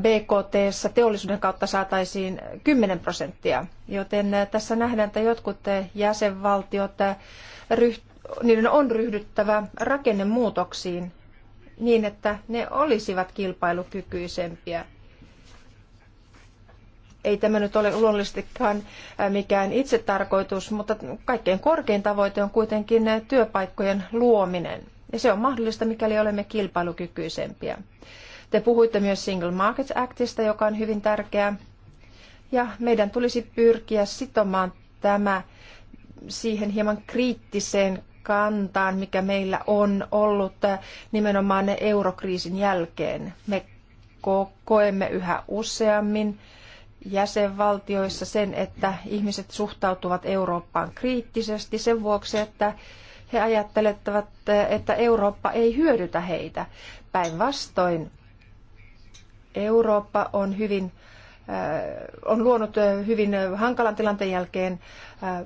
BKT teollisuuden kautta saataisiin 10 prosenttia. Joten tässä nähdään, että jotkut jäsenvaltiot, niiden on ryhdyttävä rakennemuutoksiin niin, että ne olisivat kilpailukykyisempiä ei tämä nyt ole luonnollisestikaan mikään itsetarkoitus, mutta kaikkein korkein tavoite on kuitenkin työpaikkojen luominen. Ja se on mahdollista, mikäli olemme kilpailukykyisempiä. Te puhuitte myös Single Markets Actista, joka on hyvin tärkeä. Ja meidän tulisi pyrkiä sitomaan tämä siihen hieman kriittiseen kantaan, mikä meillä on ollut nimenomaan eurokriisin jälkeen. Me koemme yhä useammin jäsenvaltioissa sen, että ihmiset suhtautuvat Eurooppaan kriittisesti sen vuoksi, että he ajattelevat, että Eurooppa ei hyödytä heitä. Päinvastoin Eurooppa on hyvin äh, on luonut äh, hyvin hankalan tilanteen jälkeen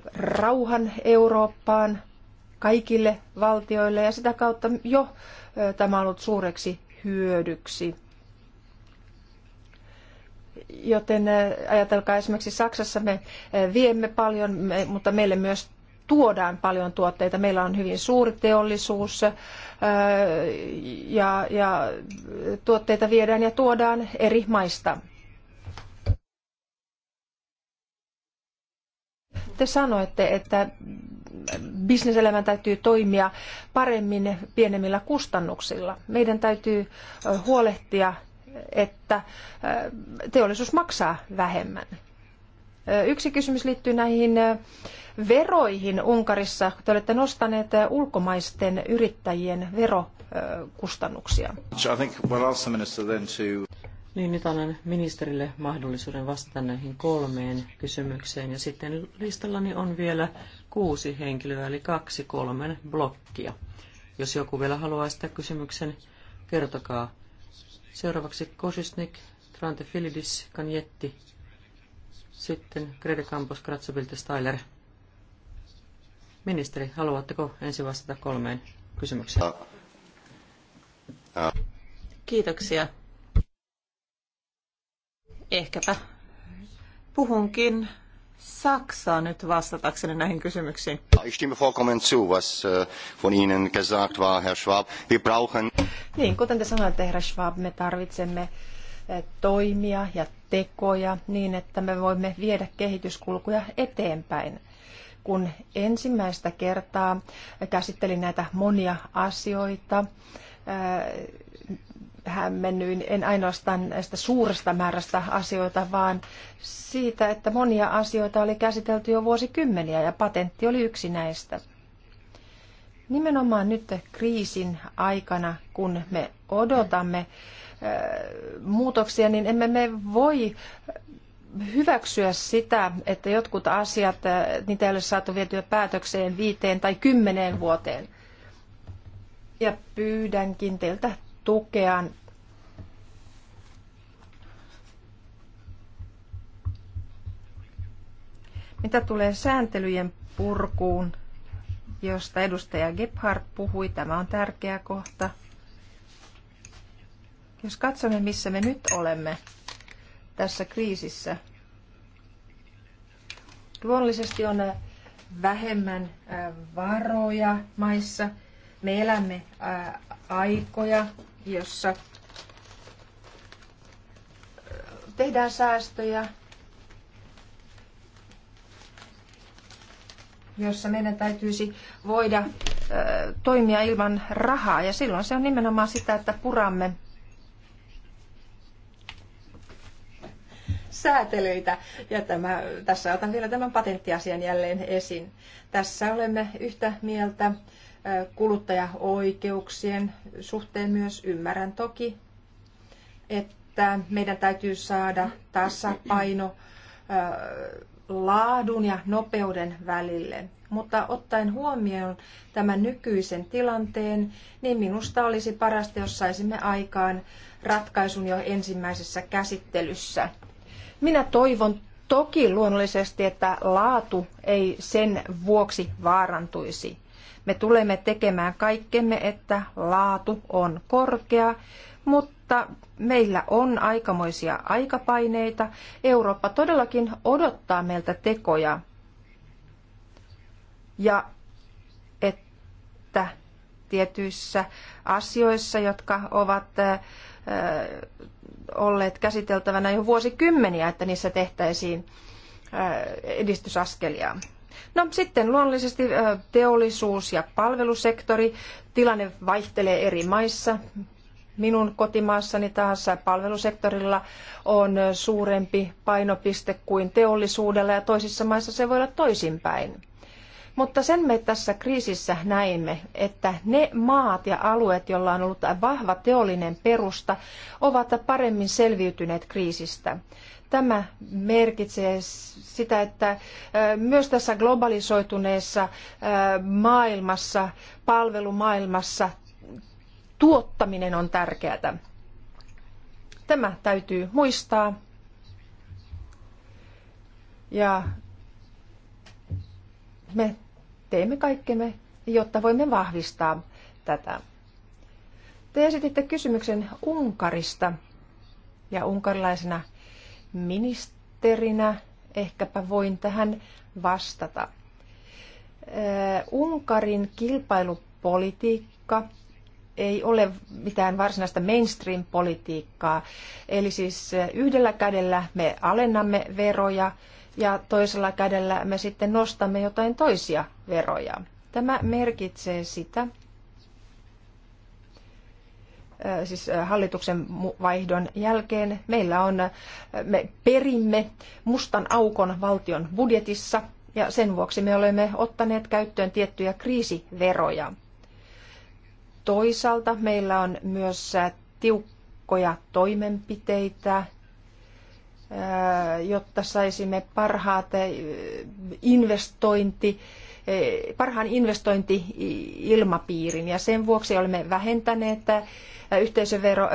äh, rauhan Eurooppaan kaikille valtioille ja sitä kautta jo tämä on ollut suureksi hyödyksi Joten ajatelkaa esimerkiksi Saksassa me viemme paljon, mutta meille myös tuodaan paljon tuotteita. Meillä on hyvin suuri teollisuus ja, ja tuotteita viedään ja tuodaan eri maista. Te sanoitte, että bisneselämän täytyy toimia paremmin pienemmillä kustannuksilla. Meidän täytyy huolehtia että äh, teollisuus maksaa vähemmän. Yksi kysymys liittyy näihin veroihin Unkarissa. Te olette nostaneet ulkomaisten yrittäjien verokustannuksia. Niin, nyt annan ministerille mahdollisuuden vastata näihin kolmeen kysymykseen. Ja sitten listallani on vielä kuusi henkilöä, eli kaksi kolmen blokkia. Jos joku vielä haluaa sitä kysymyksen, kertokaa. Seuraavaksi Kosisnik, Trante Filidis, Kanjetti, sitten Grede Campos, Kratsovilte, Styler. Ministeri, haluatteko ensin vastata kolmeen kysymykseen? Kiitoksia. Ehkäpä puhunkin Saksaa nyt vastatakseni näihin kysymyksiin. Ich stimme vollkommen zu, was äh, von Ihnen gesagt war, Herr Schwab. Wir brauchen... Niin, kuten te sanoitte, Herra Schwab, me tarvitsemme äh, toimia ja tekoja niin, että me voimme viedä kehityskulkuja eteenpäin. Kun ensimmäistä kertaa käsittelin näitä monia asioita, äh, hämmennyin en ainoastaan näistä suuresta määrästä asioita, vaan siitä, että monia asioita oli käsitelty jo vuosikymmeniä ja patentti oli yksi näistä. Nimenomaan nyt kriisin aikana, kun me odotamme äh, muutoksia, niin emme me voi hyväksyä sitä, että jotkut asiat, äh, niitä ei ole saatu vietyä päätökseen viiteen tai kymmeneen vuoteen. Ja pyydänkin teiltä tukea Mitä tulee sääntelyjen purkuun, josta edustaja Gebhardt puhui, tämä on tärkeä kohta. Jos katsomme, missä me nyt olemme tässä kriisissä, luonnollisesti on äh, vähemmän äh, varoja maissa. Me elämme äh, aikoja, jossa äh, tehdään säästöjä, jossa meidän täytyisi voida äh, toimia ilman rahaa. Ja silloin se on nimenomaan sitä, että puramme säätelyitä. Ja tämä, tässä otan vielä tämän patenttiasian jälleen esiin. Tässä olemme yhtä mieltä kuluttajaoikeuksien suhteen myös ymmärrän toki, että meidän täytyy saada tasapaino laadun ja nopeuden välille. Mutta ottaen huomioon tämän nykyisen tilanteen, niin minusta olisi parasta, jos saisimme aikaan ratkaisun jo ensimmäisessä käsittelyssä. Minä toivon toki luonnollisesti, että laatu ei sen vuoksi vaarantuisi. Me tulemme tekemään kaikkemme, että laatu on korkea, mutta meillä on aikamoisia aikapaineita. Eurooppa todellakin odottaa meiltä tekoja ja että tietyissä asioissa, jotka ovat olleet käsiteltävänä jo vuosikymmeniä, että niissä tehtäisiin edistysaskelia. No sitten luonnollisesti teollisuus- ja palvelusektori. Tilanne vaihtelee eri maissa. Minun kotimaassani taas palvelusektorilla on suurempi painopiste kuin teollisuudella ja toisissa maissa se voi olla toisinpäin. Mutta sen me tässä kriisissä näimme, että ne maat ja alueet, joilla on ollut vahva teollinen perusta, ovat paremmin selviytyneet kriisistä tämä merkitsee sitä, että myös tässä globalisoituneessa maailmassa, palvelumaailmassa, tuottaminen on tärkeää. Tämä täytyy muistaa. Ja me teemme kaikkemme, jotta voimme vahvistaa tätä. Te esititte kysymyksen Unkarista ja unkarilaisena ministerinä ehkäpä voin tähän vastata. Unkarin kilpailupolitiikka ei ole mitään varsinaista mainstream-politiikkaa. Eli siis yhdellä kädellä me alennamme veroja ja toisella kädellä me sitten nostamme jotain toisia veroja. Tämä merkitsee sitä, siis hallituksen vaihdon jälkeen meillä on, me perimme mustan aukon valtion budjetissa ja sen vuoksi me olemme ottaneet käyttöön tiettyjä kriisiveroja. Toisaalta meillä on myös tiukkoja toimenpiteitä, jotta saisimme parhaat investointi, parhaan investointi-ilmapiirin ja sen vuoksi olemme vähentäneet yhteisövero,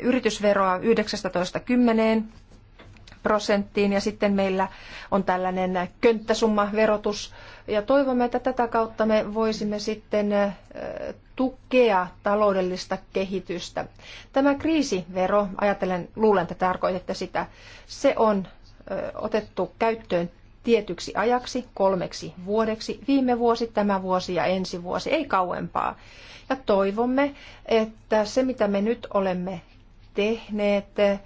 yritysveroa 19-10 prosenttiin ja sitten meillä on tällainen könttäsummaverotus. Ja toivomme, että tätä kautta me voisimme sitten tukea taloudellista kehitystä. Tämä kriisivero, ajatellen, luulen, että tarkoitatte sitä, se on otettu käyttöön tietyksi ajaksi, kolmeksi vuodeksi, viime vuosi, tämä vuosi ja ensi vuosi, ei kauempaa. Ja toivomme, että se mitä me nyt olemme tehneet, äh,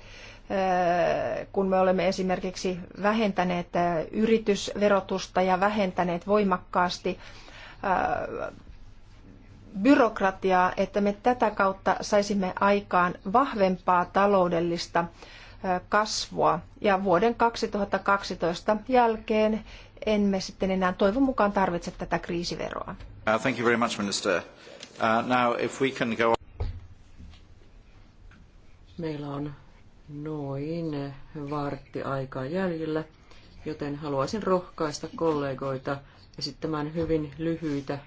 kun me olemme esimerkiksi vähentäneet äh, yritysverotusta ja vähentäneet voimakkaasti äh, byrokratiaa, että me tätä kautta saisimme aikaan vahvempaa taloudellista kasvua. Ja vuoden 2012 jälkeen emme sitten enää toivon mukaan tarvitse tätä kriisiveroa. Uh, thank you very much, Minister. Uh, now, if we can go Meillä on noin vartti aikaa jäljellä, joten haluaisin rohkaista kollegoita esittämään hyvin lyhyitä,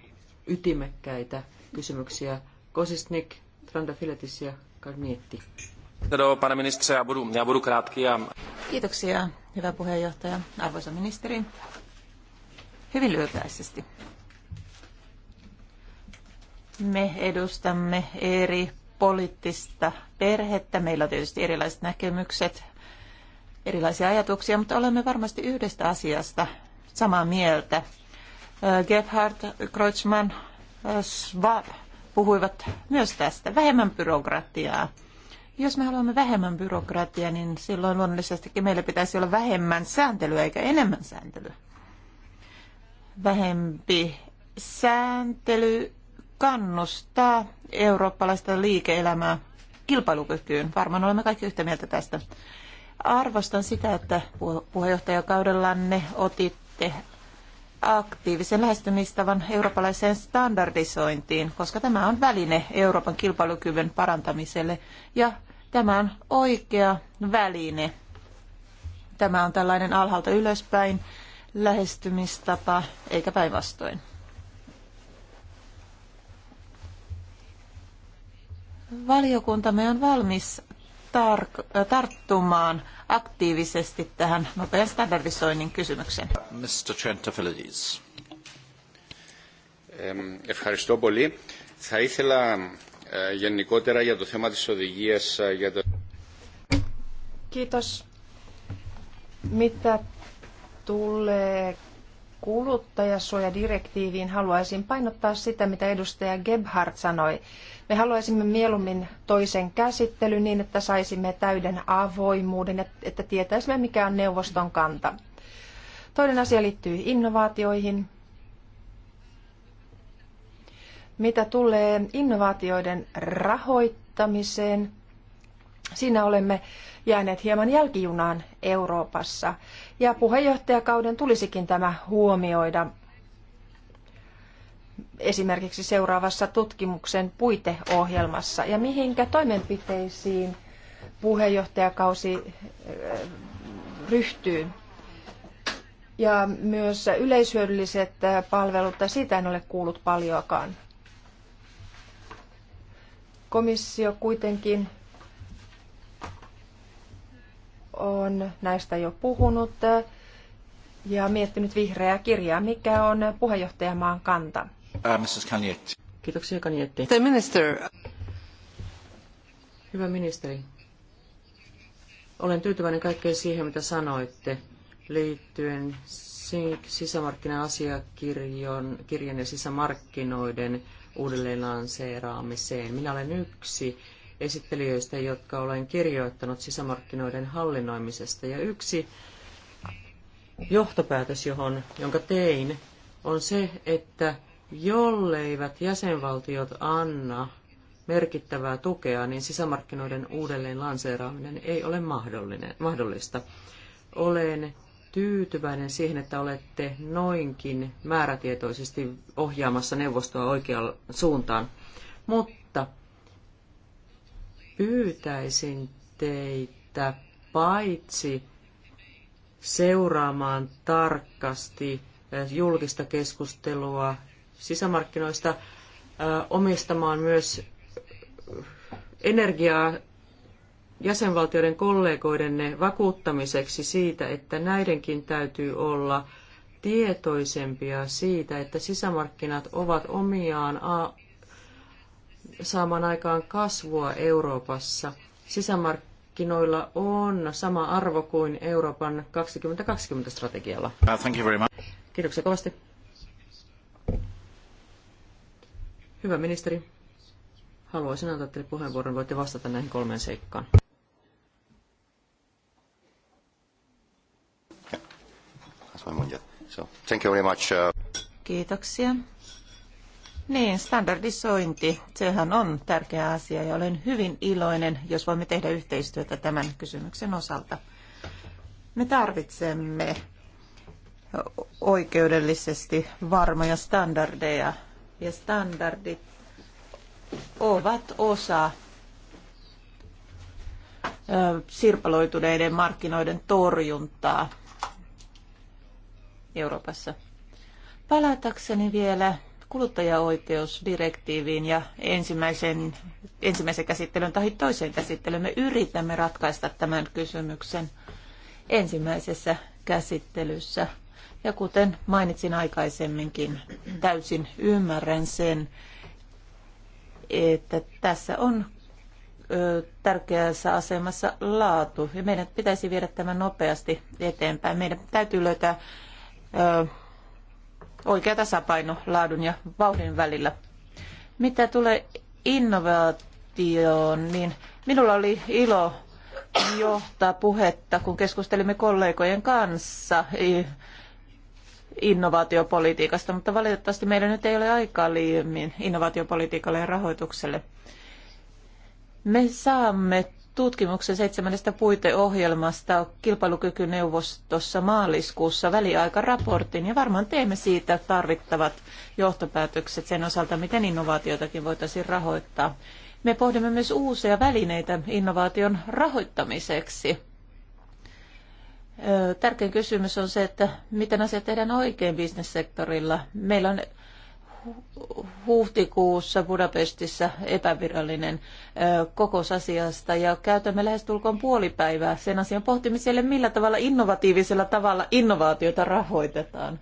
ytimekkäitä kysymyksiä. Kosisnik, Trandafiletis ja Karmietti. Kiitoksia, hyvä puheenjohtaja, arvoisa ministeri. Hyvin lyhykäisesti. Me edustamme eri poliittista perhettä. Meillä on tietysti erilaiset näkemykset, erilaisia ajatuksia, mutta olemme varmasti yhdestä asiasta samaa mieltä. Gebhard, Kreutzmann, Schwab puhuivat myös tästä. Vähemmän byrokratiaa. Jos me haluamme vähemmän byrokratiaa, niin silloin luonnollisestikin meillä pitäisi olla vähemmän sääntelyä eikä enemmän sääntelyä. Vähempi sääntely kannustaa eurooppalaista liike-elämää kilpailukykyyn. Varmaan olemme kaikki yhtä mieltä tästä. Arvostan sitä, että puheenjohtajakaudellanne otitte aktiivisen lähestymistavan eurooppalaiseen standardisointiin, koska tämä on väline Euroopan kilpailukyvyn parantamiselle ja tämä on oikea väline. Tämä on tällainen alhaalta ylöspäin lähestymistapa, eikä päinvastoin. Valiokuntamme on valmis tar- äh, tarttumaan aktiivisesti tähän nopean standardisoinnin kysymykseen. Mr. Trentafilidis. Ευχαριστώ πολύ. Θα ήθελα γενικότερα για το θέμα της οδηγίας για το... Kiitos. Mitä tulee kuluttajasuojadirektiiviin, haluaisin painottaa sitä, mitä edustaja Gebhardt sanoi. Me haluaisimme mieluummin toisen käsittelyn niin, että saisimme täyden avoimuuden, että tietäisimme mikä on neuvoston kanta. Toinen asia liittyy innovaatioihin. Mitä tulee innovaatioiden rahoittamiseen, siinä olemme jääneet hieman jälkijunaan Euroopassa. Ja puheenjohtajakauden tulisikin tämä huomioida esimerkiksi seuraavassa tutkimuksen puiteohjelmassa ja mihinkä toimenpiteisiin puheenjohtajakausi ryhtyy. Ja myös yleishyödylliset palvelut, siitä en ole kuullut paljoakaan. Komissio kuitenkin on näistä jo puhunut ja miettinyt vihreää kirjaa, mikä on puheenjohtajamaan kanta. Uh, Kiitoksia, The minister. Hyvä ministeri. Olen tyytyväinen kaikkeen siihen, mitä sanoitte liittyen sisämarkkina-asiakirjan kirjan ja sisämarkkinoiden uudelleenlanseeraamiseen. Minä olen yksi esittelijöistä, jotka olen kirjoittanut sisämarkkinoiden hallinnoimisesta. Ja yksi johtopäätös, johon, jonka tein, on se, että jolleivät jäsenvaltiot anna merkittävää tukea, niin sisämarkkinoiden uudelleen lanseeraaminen ei ole mahdollinen, mahdollista. Olen tyytyväinen siihen, että olette noinkin määrätietoisesti ohjaamassa neuvostoa oikeaan suuntaan. Mutta pyytäisin teitä paitsi seuraamaan tarkasti julkista keskustelua sisämarkkinoista omistamaan myös energiaa jäsenvaltioiden kollegoidenne vakuuttamiseksi siitä, että näidenkin täytyy olla tietoisempia siitä, että sisämarkkinat ovat omiaan saamaan aikaan kasvua Euroopassa. Sisämarkkinoilla on sama arvo kuin Euroopan 2020-strategialla. Kiitoksia kovasti. Hyvä ministeri, haluaisin antaa teille puheenvuoron. Voitte vastata näihin kolmeen seikkaan. thank you very much. Uh, Kiitoksia. Niin, standardisointi, sehän on tärkeä asia ja olen hyvin iloinen, jos voimme tehdä yhteistyötä tämän kysymyksen osalta. Me tarvitsemme oikeudellisesti varmoja standardeja ja standardit ovat osa sirpaloituneiden markkinoiden torjuntaa Euroopassa. Palatakseni vielä kuluttajaoikeusdirektiiviin ja ensimmäisen, ensimmäisen käsittelyn tai toiseen käsittelyyn me yritämme ratkaista tämän kysymyksen ensimmäisessä käsittelyssä – ja kuten mainitsin aikaisemminkin, täysin ymmärrän sen, että tässä on tärkeässä asemassa laatu. Ja meidän pitäisi viedä tämä nopeasti eteenpäin. Meidän täytyy löytää ö, oikea tasapaino laadun ja vauhdin välillä. Mitä tulee innovaatioon, niin minulla oli ilo johtaa puhetta, kun keskustelimme kollegojen kanssa innovaatiopolitiikasta, mutta valitettavasti meillä nyt ei ole aikaa liiemmin innovaatiopolitiikalle ja rahoitukselle. Me saamme tutkimuksen seitsemännestä puiteohjelmasta kilpailukykyneuvostossa maaliskuussa väliaikaraportin ja varmaan teemme siitä tarvittavat johtopäätökset sen osalta, miten innovaatioitakin voitaisiin rahoittaa. Me pohdimme myös uusia välineitä innovaation rahoittamiseksi Tärkein kysymys on se, että miten asiat tehdään oikein bisnessektorilla. Meillä on huhtikuussa Budapestissa epävirallinen kokous asiasta ja käytämme lähestulkoon puoli päivää sen asian pohtimiselle, millä tavalla innovatiivisella tavalla innovaatiota rahoitetaan.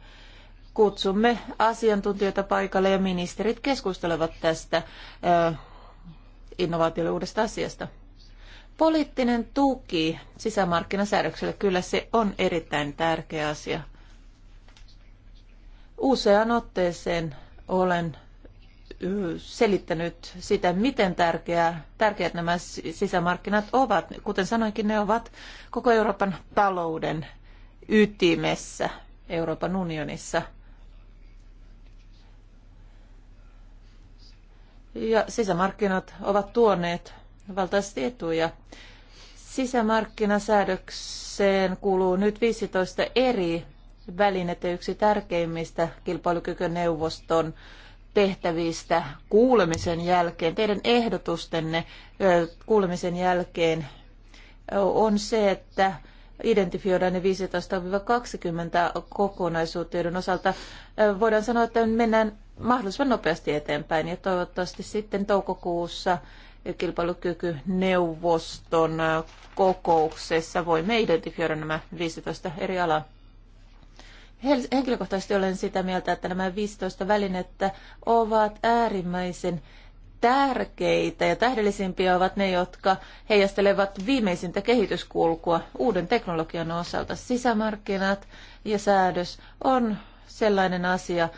Kutsumme asiantuntijoita paikalle ja ministerit keskustelevat tästä innovaatioiden uudesta asiasta. Poliittinen tuki sisämarkkinasäädökselle, kyllä se on erittäin tärkeä asia. Usean otteeseen olen selittänyt sitä, miten tärkeä, tärkeät nämä sisämarkkinat ovat. Kuten sanoinkin, ne ovat koko Euroopan talouden ytimessä Euroopan unionissa. Ja sisämarkkinat ovat tuoneet valtaisesti etuja. Sisämarkkinasäädökseen kuuluu nyt 15 eri välinettä yksi tärkeimmistä kilpailukykyneuvoston tehtävistä kuulemisen jälkeen, teidän ehdotustenne kuulemisen jälkeen on se, että identifioidaan ne 15-20 kokonaisuutta, joiden osalta voidaan sanoa, että mennään mahdollisimman nopeasti eteenpäin ja toivottavasti sitten toukokuussa kilpailukykyneuvoston kokouksessa voimme identifioida nämä 15 eri alaa. Henkilökohtaisesti olen sitä mieltä, että nämä 15 välinettä ovat äärimmäisen tärkeitä ja tähdellisimpiä ovat ne, jotka heijastelevat viimeisintä kehityskulkua uuden teknologian osalta. Sisämarkkinat ja säädös on sellainen asia,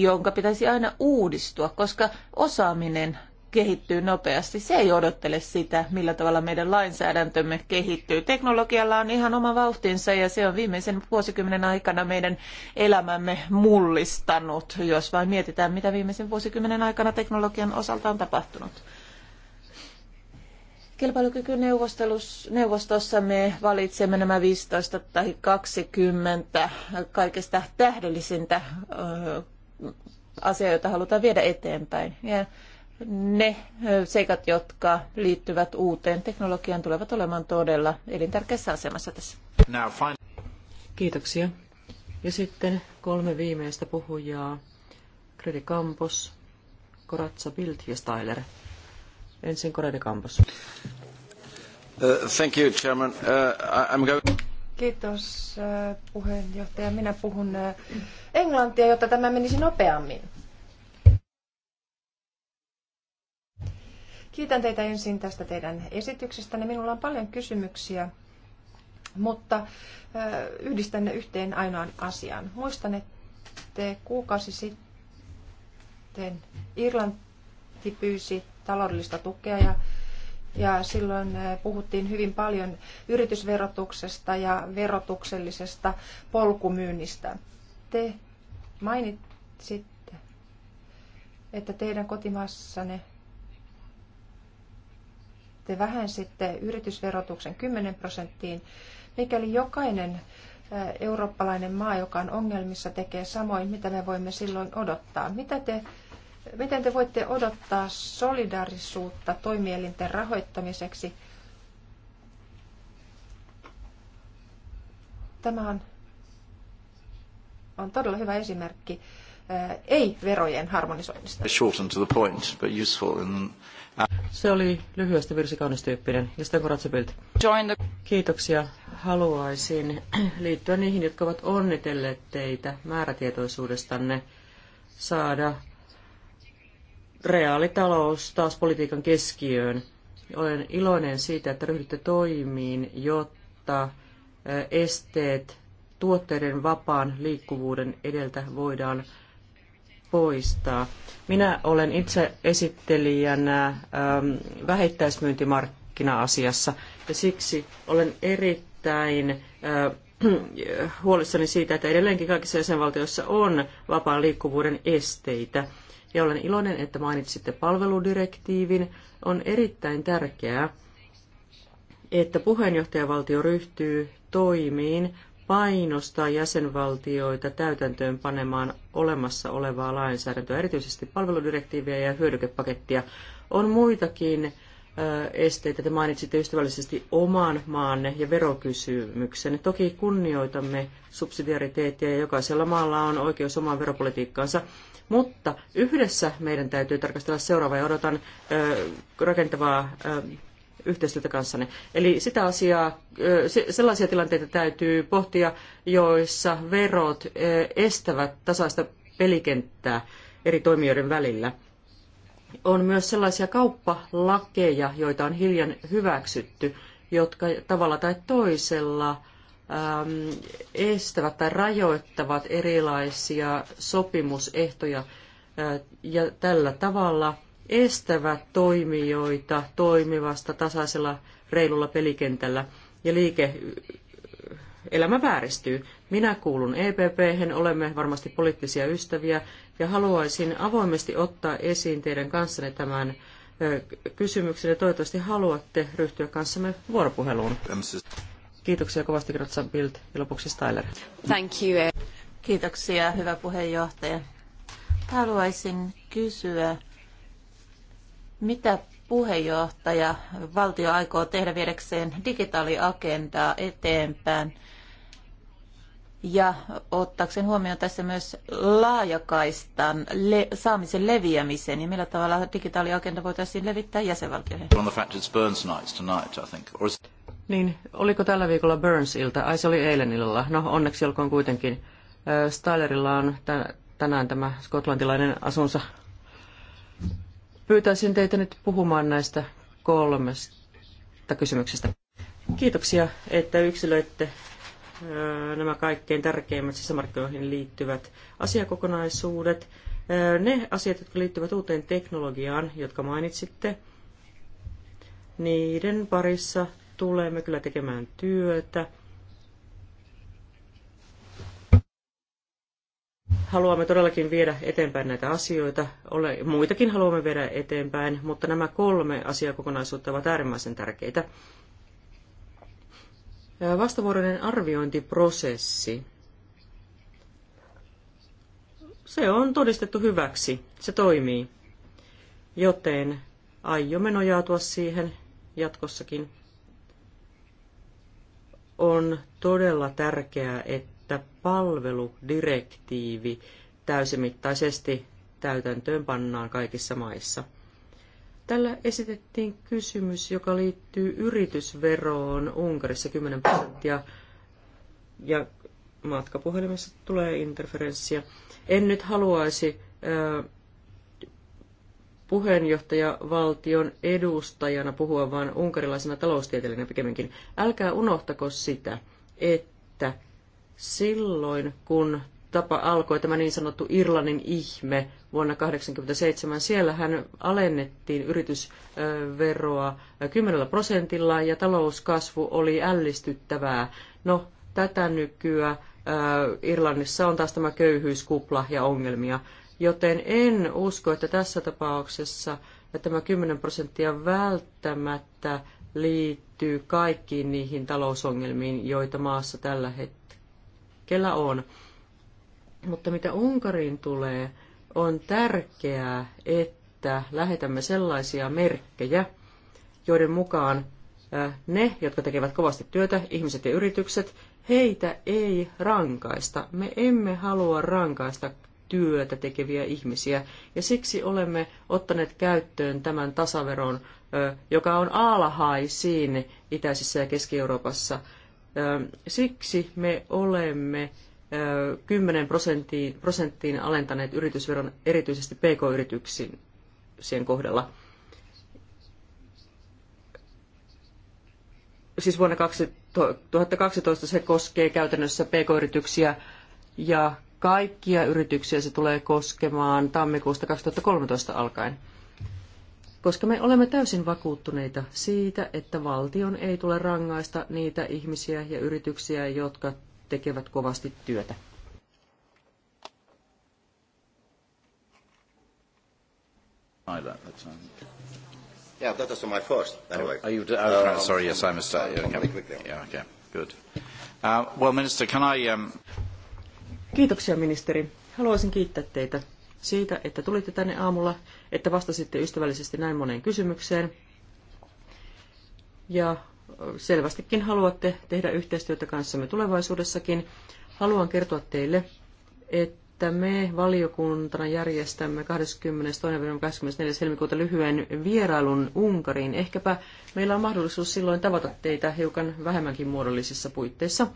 jonka pitäisi aina uudistua, koska osaaminen kehittyy nopeasti. Se ei odottele sitä, millä tavalla meidän lainsäädäntömme kehittyy. Teknologialla on ihan oma vauhtinsa ja se on viimeisen vuosikymmenen aikana meidän elämämme mullistanut, jos vain mietitään, mitä viimeisen vuosikymmenen aikana teknologian osalta on tapahtunut. Kilpailukykyneuvostossa me valitsemme nämä 15 tai 20 kaikista tähdellisintä asiaa, joita halutaan viedä eteenpäin. Ja ne seikat, jotka liittyvät uuteen teknologiaan, tulevat olemaan todella elintärkeässä asemassa tässä. Kiitoksia. Ja sitten kolme viimeistä puhujaa. Kredi Campos, Koratsa Bild ja Styler. Ensin Kredi Campos. Uh, thank you, Chairman. Uh, I'm going... Kiitos uh, puheenjohtaja. Minä puhun uh, englantia, jotta tämä menisi nopeammin. Kiitän teitä ensin tästä teidän esityksestänne. Minulla on paljon kysymyksiä, mutta yhdistän ne yhteen ainoan asiaan. Muistan, että te kuukausi sitten Irlanti pyysi taloudellista tukea ja ja silloin puhuttiin hyvin paljon yritysverotuksesta ja verotuksellisesta polkumyynnistä. Te mainitsitte, että teidän kotimaassanne te vähensitte yritysverotuksen 10 prosenttiin, mikäli jokainen eurooppalainen maa, joka on ongelmissa, tekee samoin, mitä me voimme silloin odottaa. Mitä te, miten te voitte odottaa solidarisuutta toimielinten rahoittamiseksi? Tämä on, on todella hyvä esimerkki ei verojen harmonisoinnista. Se oli lyhyesti virsi kaunis tyyppinen. Kiitoksia. Haluaisin liittyä niihin, jotka ovat onnitelleet teitä määrätietoisuudestanne saada reaalitalous taas politiikan keskiöön. Olen iloinen siitä, että ryhdytte toimiin, jotta esteet tuotteiden vapaan liikkuvuuden edeltä voidaan poistaa. Minä olen itse esittelijänä ähm, vähittäismyyntimarkkina-asiassa ja siksi olen erittäin äh, huolissani siitä, että edelleenkin kaikissa jäsenvaltioissa on vapaan liikkuvuuden esteitä. Ja olen iloinen, että mainitsitte palveludirektiivin. On erittäin tärkeää, että puheenjohtajavaltio ryhtyy toimiin painostaa jäsenvaltioita täytäntöön panemaan olemassa olevaa lainsäädäntöä, erityisesti palveludirektiiviä ja hyödykepakettia. On muitakin esteitä. Te mainitsitte ystävällisesti oman maanne ja verokysymyksen. Toki kunnioitamme subsidiariteettia ja jokaisella maalla on oikeus omaan veropolitiikkaansa, mutta yhdessä meidän täytyy tarkastella seuraavaa ja odotan rakentavaa yhteistyötä kanssanne. Eli sitä asiaa, sellaisia tilanteita täytyy pohtia, joissa verot estävät tasaista pelikenttää eri toimijoiden välillä. On myös sellaisia kauppalakeja, joita on hiljan hyväksytty, jotka tavalla tai toisella estävät tai rajoittavat erilaisia sopimusehtoja ja tällä tavalla estävät toimijoita toimivasta tasaisella reilulla pelikentällä ja liike elämä vääristyy. Minä kuulun epp -hen, olemme varmasti poliittisia ystäviä ja haluaisin avoimesti ottaa esiin teidän kanssanne tämän kysymyksen ja toivottavasti haluatte ryhtyä kanssamme vuoropuheluun. Kiitoksia kovasti Gratsan Bild ja lopuksi Styler. Thank you. Kiitoksia, hyvä puheenjohtaja. Haluaisin kysyä mitä puheenjohtaja valtio aikoo tehdä viedäkseen digitaaliagendaa eteenpäin ja ottaakseen huomioon tässä myös laajakaistan le- saamisen leviämisen ja niin millä tavalla digitaaliagenda voitaisiin levittää jäsenvaltioihin? Niin, oliko tällä viikolla Burns-ilta? Ai se oli eilen illalla. No onneksi olkoon kuitenkin. Stylerilla on tänään tämä skotlantilainen asunsa Pyytäisin teitä nyt puhumaan näistä kolmesta kysymyksestä. Kiitoksia, että yksilöitte nämä kaikkein tärkeimmät sisämarkkinoihin liittyvät asiakokonaisuudet. Ne asiat, jotka liittyvät uuteen teknologiaan, jotka mainitsitte, niiden parissa tulemme kyllä tekemään työtä haluamme todellakin viedä eteenpäin näitä asioita. Ole, muitakin haluamme viedä eteenpäin, mutta nämä kolme asiakokonaisuutta ovat äärimmäisen tärkeitä. Vastavuoroinen arviointiprosessi. Se on todistettu hyväksi. Se toimii. Joten aiomme nojautua siihen jatkossakin. On todella tärkeää, että palveludirektiivi täysimittaisesti täytäntöön pannaan kaikissa maissa. Tällä esitettiin kysymys, joka liittyy yritysveroon Unkarissa 10 prosenttia ja matkapuhelimessa tulee interferenssiä. En nyt haluaisi puheenjohtaja valtion edustajana puhua, vaan unkarilaisena taloustieteilijänä pikemminkin. Älkää unohtako sitä, että silloin, kun tapa alkoi tämä niin sanottu Irlannin ihme vuonna 1987. hän alennettiin yritysveroa 10 prosentilla ja talouskasvu oli ällistyttävää. No, tätä nykyä äh, Irlannissa on taas tämä köyhyyskupla ja ongelmia. Joten en usko, että tässä tapauksessa että tämä 10 prosenttia välttämättä liittyy kaikkiin niihin talousongelmiin, joita maassa tällä hetkellä kellä on. Mutta mitä Unkariin tulee, on tärkeää, että lähetämme sellaisia merkkejä, joiden mukaan ne, jotka tekevät kovasti työtä, ihmiset ja yritykset, heitä ei rankaista. Me emme halua rankaista työtä tekeviä ihmisiä, ja siksi olemme ottaneet käyttöön tämän tasaveron, joka on alhaisin itäisessä ja Keski-Euroopassa – Ähm, siksi me olemme 10 äh, prosenttiin, prosenttiin alentaneet yritysveron erityisesti pk-yrityksien kohdalla. Siis vuonna 2012 se koskee käytännössä pk-yrityksiä ja kaikkia yrityksiä se tulee koskemaan tammikuusta 2013 alkaen koska me olemme täysin vakuuttuneita siitä, että valtion ei tule rangaista niitä ihmisiä ja yrityksiä, jotka tekevät kovasti työtä. Oh, you, oh, sorry, yes, uh, Yeah, okay. Good. Uh, well, Minister, can I... Um Kiitoksia, ministeri. Haluaisin kiittää teitä siitä, että tulitte tänne aamulla, että vastasitte ystävällisesti näin moneen kysymykseen. Ja selvästikin haluatte tehdä yhteistyötä kanssamme tulevaisuudessakin. Haluan kertoa teille, että me valiokuntana järjestämme 22.–24. helmikuuta lyhyen vierailun Unkariin. Ehkäpä meillä on mahdollisuus silloin tavata teitä hiukan vähemmänkin muodollisissa puitteissa.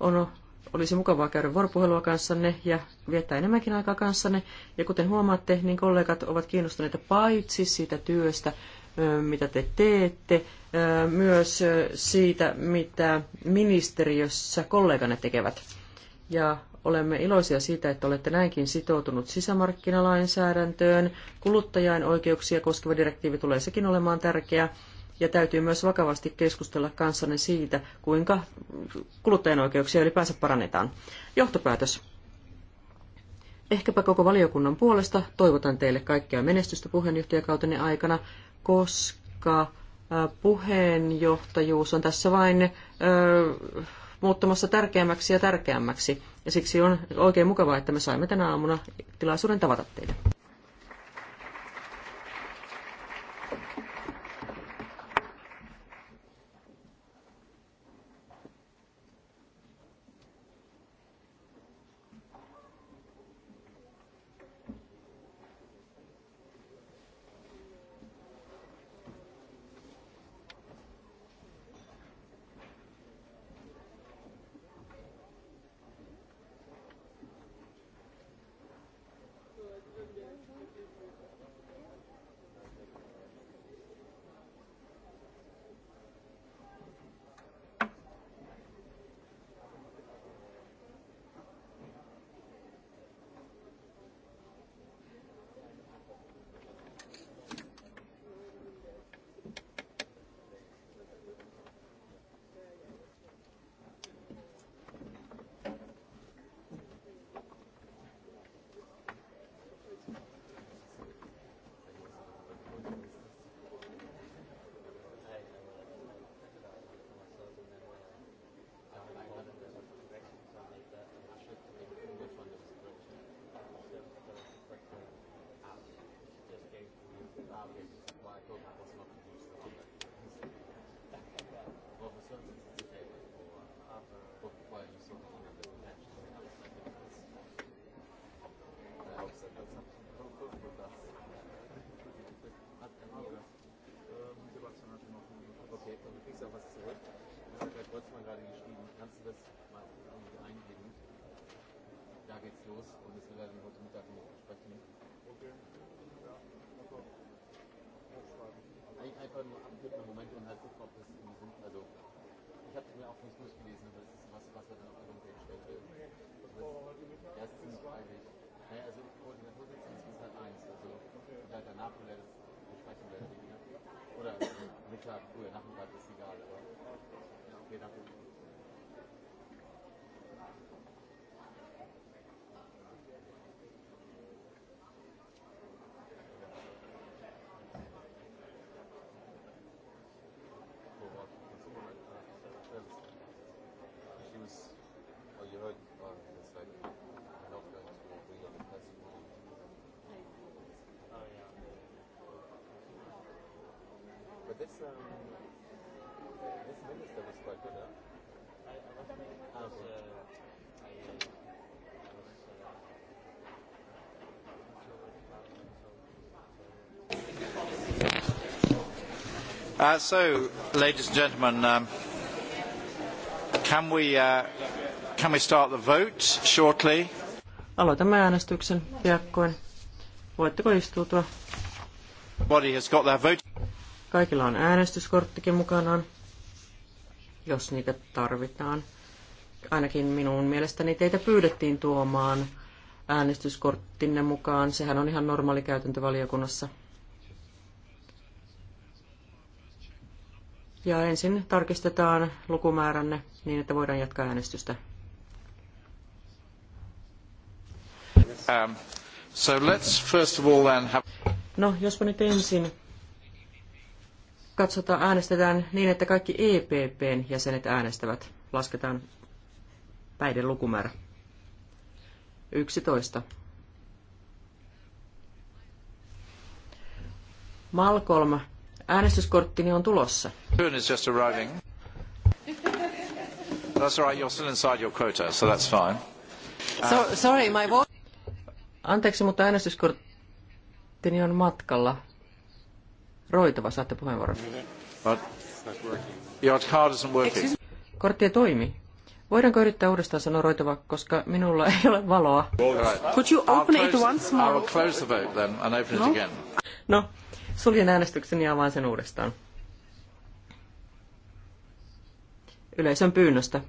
On olisi mukavaa käydä vuoropuhelua kanssanne ja viettää enemmänkin aikaa kanssanne. Ja kuten huomaatte, niin kollegat ovat kiinnostuneita paitsi siitä työstä, mitä te teette, myös siitä, mitä ministeriössä kolleganne tekevät. Ja olemme iloisia siitä, että olette näinkin sitoutunut sisämarkkinalainsäädäntöön. Kuluttajain oikeuksia koskeva direktiivi tulee sekin olemaan tärkeä ja täytyy myös vakavasti keskustella kanssanne siitä, kuinka kuluttajan oikeuksia ylipäänsä parannetaan. Johtopäätös. Ehkäpä koko valiokunnan puolesta toivotan teille kaikkea menestystä puheenjohtajakautenne aikana, koska puheenjohtajuus on tässä vain ö, muuttumassa tärkeämmäksi ja tärkeämmäksi. Ja siksi on oikein mukavaa, että me saimme tänä aamuna tilaisuuden tavata teitä. kannst du das mal irgendwie eingeben. Da geht's los und es will dann heute Mittag mit sprechen. Okay. Ja, Eigentlich einfach nur abgibt im Moment und halt gucken, ob das irgendwie sind. Also ich habe es mir auch nicht durchgelesen, aber das ist was, was er dann auf der Homepage stellt. Ja, es ist ziemlich freiwillig. Naja, also Koordinatorsitzung ist halt eins. Also und halt danach will er das besprechen werden. Oder Mittag, früher Nachmittag ist egal, aber ja, okay, danke. Uh, so, ladies and gentlemen, um, can we uh, can we start the vote shortly? Aloitamme äänestyksen piakkoin. Voitteko istutua? Body has got their vote. Kaikilla on äänestyskorttikin mukanaan, jos niitä tarvitaan. Ainakin minun mielestäni teitä pyydettiin tuomaan äänestyskorttinne mukaan. Sehän on ihan normaali käytäntö valiokunnassa. Ja ensin tarkistetaan lukumääränne niin, että voidaan jatkaa äänestystä. Um, so let's first of all then have... No, jospa nyt ensin katsotaan, äänestetään niin, että kaikki EPPn jäsenet äänestävät. Lasketaan päiden lukumäärä. 11. Malcolm Äänestyskorttini niin on tulossa. is just arriving. That's right, you're still inside your quota, so that's fine. So, sorry, my voice... Anteeksi, mutta äänestyskorttini niin on matkalla. Roitova, saatte puheenvuoron. But, your card isn't working. Kortti ei toimi. Voidaanko yrittää uudestaan sanoa roitava, koska minulla ei ole valoa. Right. Could you open it once more? I will close the vote then and open it no. again. No, Suljen äänestyksen ja avaan sen uudestaan. Yleisön pyynnöstä.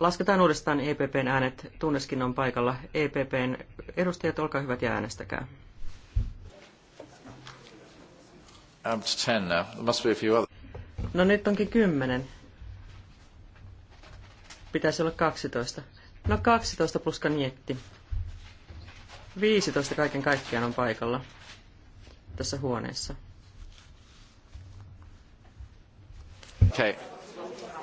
Lasketaan uudestaan EPPn äänet. Tunneskin on paikalla. EPPn edustajat, olkaa hyvät ja äänestäkää. No nyt onkin kymmenen. Pitäisi olla 12. No 12 plus kanietti. 15 kaiken kaikkiaan on paikalla tässä huoneessa. Okay.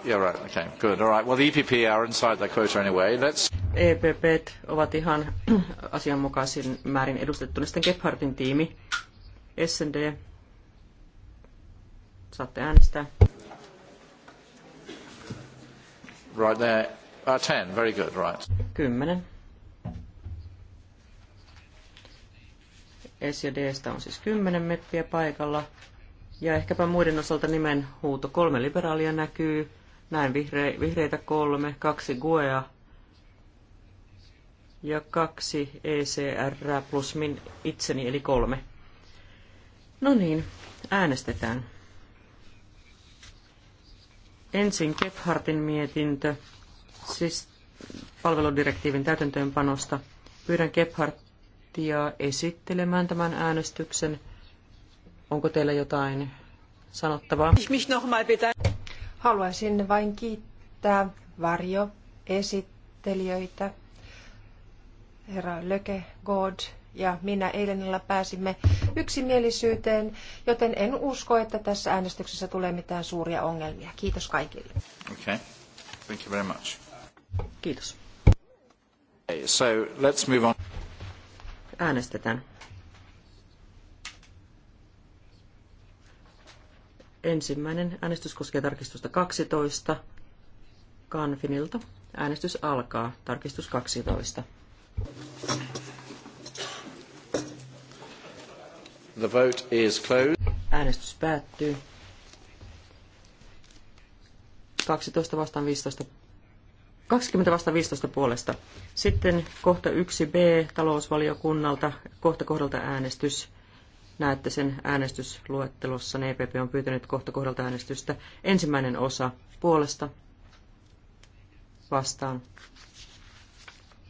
Yeah, right. Okay. Good. All right. Well, the EPP are inside the quota anyway. Let's... EPP ovat ihan asianmukaisin määrin edustettuna. Sitten Gephardin tiimi, SND. Saatte äänestää. Right there. Uh, ten. Very good. Right. Kymmenen. ja SJDstä on siis 10 meppiä paikalla. Ja ehkäpä muiden osalta nimen huuto kolme liberaalia näkyy. Näin vihre, vihreitä kolme, kaksi GUEA ja kaksi ECR plus min itseni eli kolme. No niin, äänestetään. Ensin Kephartin mietintö, siis palveludirektiivin täytäntöönpanosta. Pyydän Kephart Latviaa esittelemään tämän äänestyksen. Onko teillä jotain sanottavaa? Haluaisin vain kiittää varjo esittelijöitä, herra Löke, God ja minä eilenillä pääsimme yksimielisyyteen, joten en usko, että tässä äänestyksessä tulee mitään suuria ongelmia. Kiitos kaikille. Okay. Thank you very much. Kiitos. So let's move on äänestetään. Ensimmäinen äänestys koskee tarkistusta 12. Kanfinilta. Äänestys alkaa. Tarkistus 12. The vote is closed. Äänestys päättyy. 12 vastaan 15 20 vasta 15 puolesta. Sitten kohta 1b talousvaliokunnalta, kohta kohdalta äänestys. Näette sen äänestysluettelossa. EPP on pyytänyt kohta kohdalta äänestystä. Ensimmäinen osa puolesta vastaan.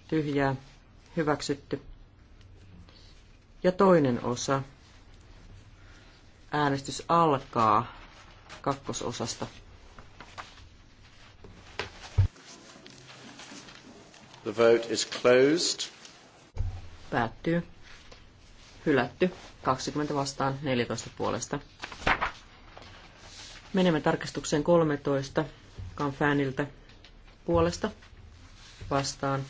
Tyhjää. Hyväksytty. Ja toinen osa. Äänestys alkaa kakkososasta. The vote is closed. Päättyy. Hylätty. 20 vastaan 14 puolesta. Menemme tarkistukseen 13 Kanfääniltä puolesta vastaan.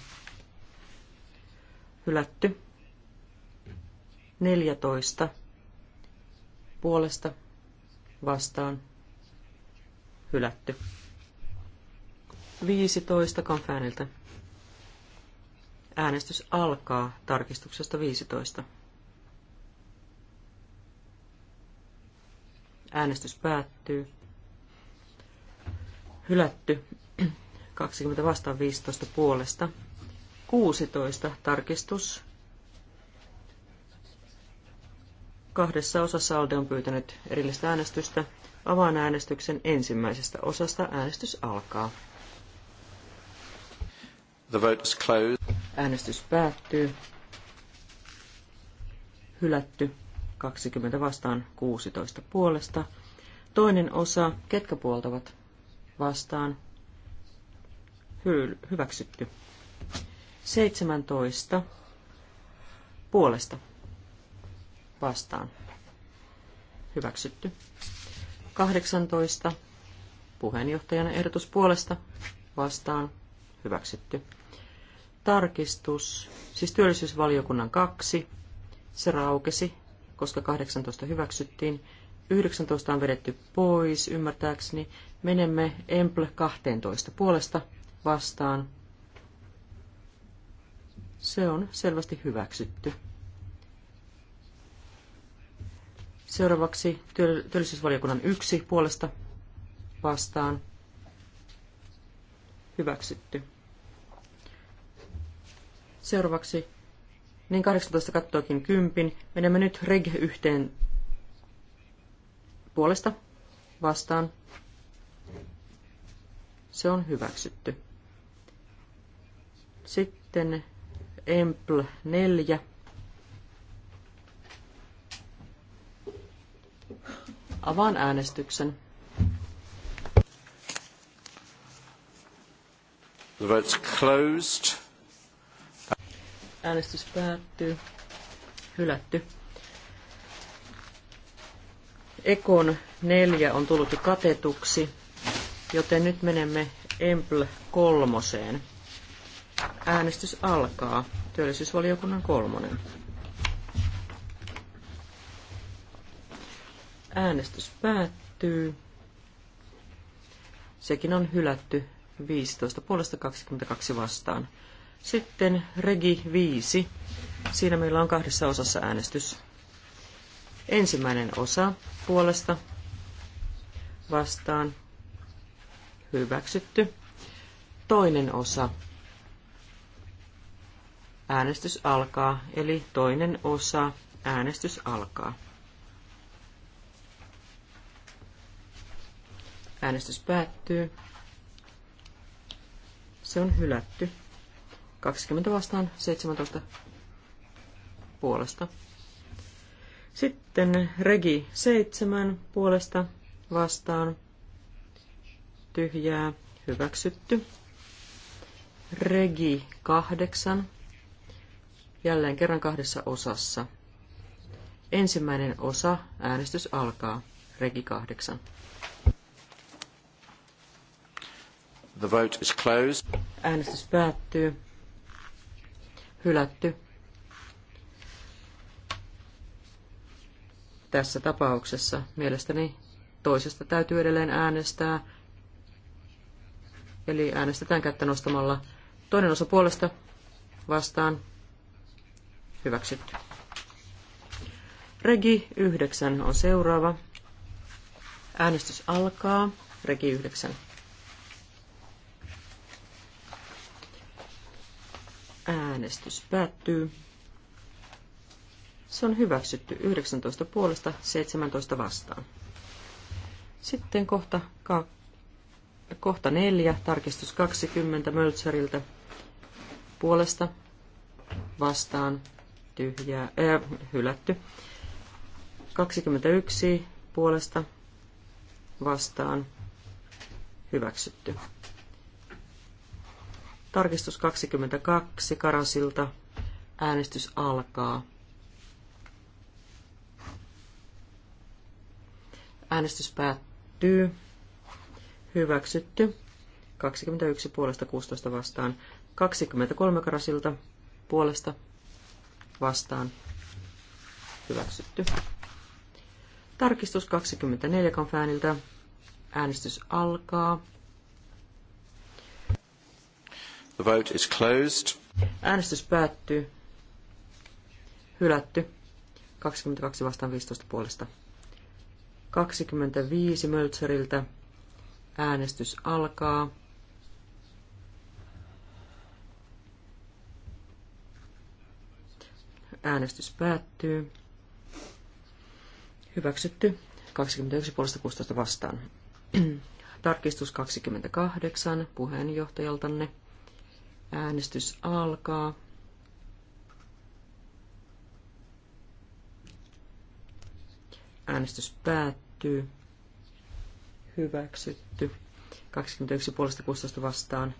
Hylätty. 14 puolesta vastaan. Hylätty. 15 Kanfääniltä Äänestys alkaa tarkistuksesta 15. Äänestys päättyy. Hylätty. 20 vastaan 15 puolesta. 16 tarkistus. Kahdessa osassa Alde on pyytänyt erillistä äänestystä. Avaan äänestyksen ensimmäisestä osasta. Äänestys alkaa. The vote is closed. Äänestys päättyy. Hylätty. 20 vastaan 16 puolesta. Toinen osa, ketkä puoltavat vastaan. Hy- hyväksytty. 17 puolesta vastaan. Hyväksytty. 18 puheenjohtajan ehdotus puolesta vastaan. Hyväksytty. Tarkistus, siis työllisyysvaliokunnan kaksi. Se raukesi, koska 18 hyväksyttiin. 19 on vedetty pois, ymmärtääkseni. Menemme Emple 12 puolesta vastaan. Se on selvästi hyväksytty. Seuraavaksi työllisyysvaliokunnan yksi puolesta vastaan. Hyväksytty. Seuraavaksi, niin 18 kattoakin kympin. Menemme nyt reg yhteen puolesta vastaan. Se on hyväksytty. Sitten Empl 4. Avaan äänestyksen. The vote's closed. Äänestys päättyy. Hylätty. Ekon neljä on tullut jo katetuksi, joten nyt menemme Empl kolmoseen. Äänestys alkaa. Työllisyysvaliokunnan kolmonen. Äänestys päättyy. Sekin on hylätty 15 puolesta 22 vastaan. Sitten Regi 5. Siinä meillä on kahdessa osassa äänestys. Ensimmäinen osa puolesta vastaan hyväksytty. Toinen osa. Äänestys alkaa, eli toinen osa. Äänestys alkaa. Äänestys päättyy. Se on hylätty. 20 vastaan 17 puolesta. Sitten regi 7 puolesta vastaan tyhjää hyväksytty. Regi 8 jälleen kerran kahdessa osassa. Ensimmäinen osa äänestys alkaa. Regi 8. The vote is closed. Äänestys päättyy hylätty. Tässä tapauksessa mielestäni toisesta täytyy edelleen äänestää, eli äänestetään kättä nostamalla toinen osa puolesta vastaan hyväksytty. Regi 9 on seuraava. Äänestys alkaa. Regi 9. Äänestys päättyy. Se on hyväksytty 19 puolesta 17 vastaan. Sitten kohta, ka, kohta 4, tarkistus 20 Möltsäriltä puolesta vastaan tyhjää, äh, hylätty. 21 puolesta vastaan hyväksytty. Tarkistus 22 Karasilta. Äänestys alkaa. Äänestys päättyy. Hyväksytty. 21 puolesta 16 vastaan. 23 Karasilta puolesta vastaan. Hyväksytty. Tarkistus 24 Kanfääniltä. Äänestys alkaa. The vote is closed. Äänestys päättyy. Hylätty. 22 vastaan 15 puolesta. 25 Möltseriltä. Äänestys alkaa. Äänestys päättyy. Hyväksytty. 21 puolesta 16 vastaan. Tarkistus 28 puheenjohtajaltanne. Äänestys alkaa. Äänestys päättyy. Hyväksytty. 21 puolesta 16 vastaan.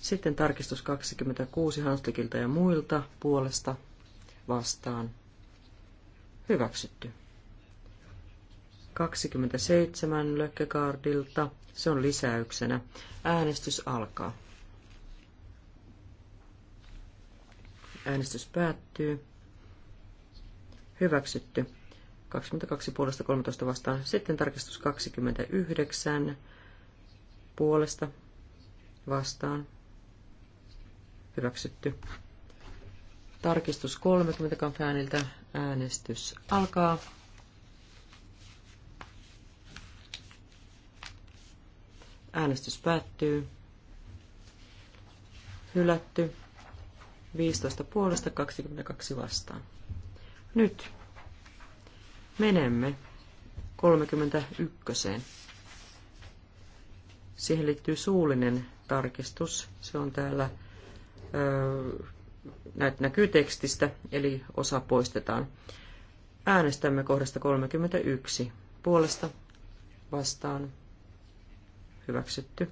Sitten tarkistus 26 Hanslikilta ja muilta puolesta vastaan. Hyväksytty. 27 Lökkekaardilta. Se on lisäyksenä. Äänestys alkaa. Äänestys päättyy. Hyväksytty. 22 puolesta 13 vastaan. Sitten tarkistus 29 puolesta vastaan. Hyväksytty. Tarkistus 30 kanfääniltä. Äänestys alkaa. Äänestys päättyy. Hylätty. 15 puolesta 22 vastaan. Nyt menemme 31. Siihen liittyy suullinen tarkistus. Se on täällä, näitä näkyy tekstistä, eli osa poistetaan. Äänestämme kohdasta 31. Puolesta vastaan hyväksytty.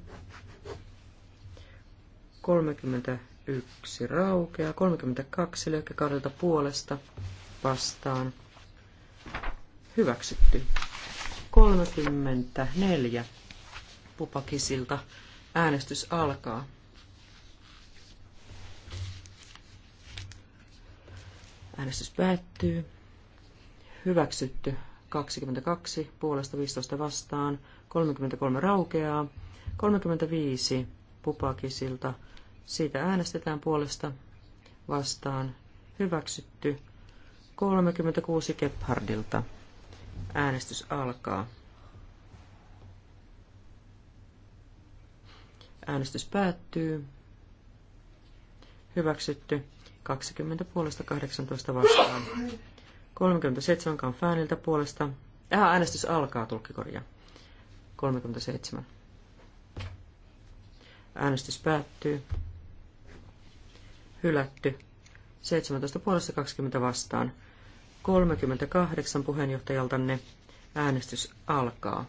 30 yksi raukea, 32 löykkikaudelta puolesta vastaan hyväksytty. 34 pupakisilta äänestys alkaa. Äänestys päättyy. Hyväksytty 22 puolesta 15 vastaan, 33 raukeaa, 35 pupakisilta siitä äänestetään puolesta vastaan hyväksytty 36 Gebhardilta. Äänestys alkaa. Äänestys päättyy. Hyväksytty 20 puolesta 18 vastaan. 37 fääniltä puolesta. Äh, äänestys alkaa, tulkkikorja. 37. Äänestys päättyy hylätty. 17 puolesta 20 vastaan. 38 puheenjohtajaltanne äänestys alkaa.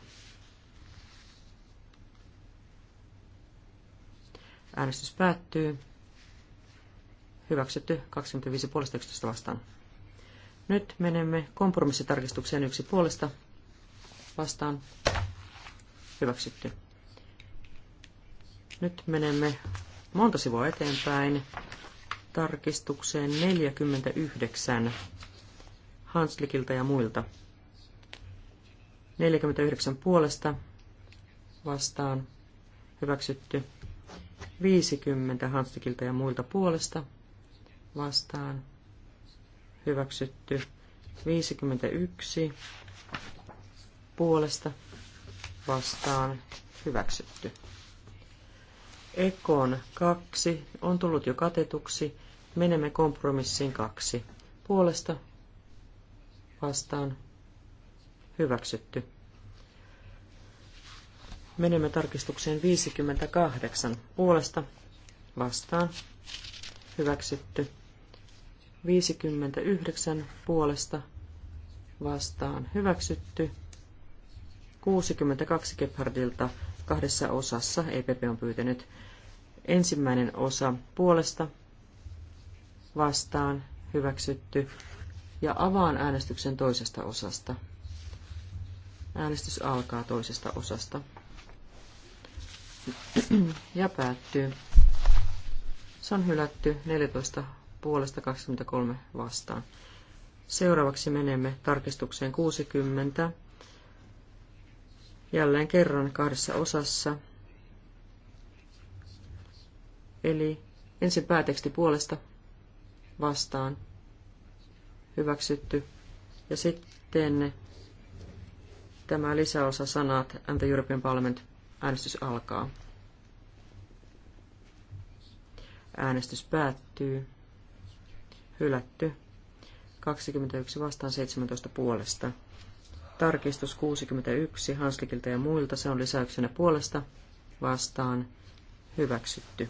Äänestys päättyy. Hyväksytty 25 puolesta 11 vastaan. Nyt menemme kompromissitarkistukseen yksi puolesta vastaan. Hyväksytty. Nyt menemme monta sivua eteenpäin tarkistukseen 49 Hanslikilta ja muilta. 49 puolesta vastaan hyväksytty. 50 Hanslikilta ja muilta puolesta vastaan hyväksytty. 51 puolesta vastaan hyväksytty. Ekon kaksi on tullut jo katetuksi, Menemme kompromissiin kaksi. Puolesta vastaan hyväksytty. Menemme tarkistukseen 58. Puolesta vastaan hyväksytty. 59 puolesta vastaan hyväksytty. 62 Gebhardilta kahdessa osassa EPP on pyytänyt ensimmäinen osa puolesta vastaan hyväksytty. Ja avaan äänestyksen toisesta osasta. Äänestys alkaa toisesta osasta. Ja päättyy. Se on hylätty 14 puolesta 23 vastaan. Seuraavaksi menemme tarkistukseen 60. Jälleen kerran kahdessa osassa. Eli ensin pääteksti puolesta vastaan hyväksytty. Ja sitten tämä lisäosa sanat and the European Parliament äänestys alkaa. Äänestys päättyy. Hylätty. 21 vastaan 17 puolesta. Tarkistus 61 Hanslikilta ja muilta. Se on lisäyksenä puolesta vastaan hyväksytty.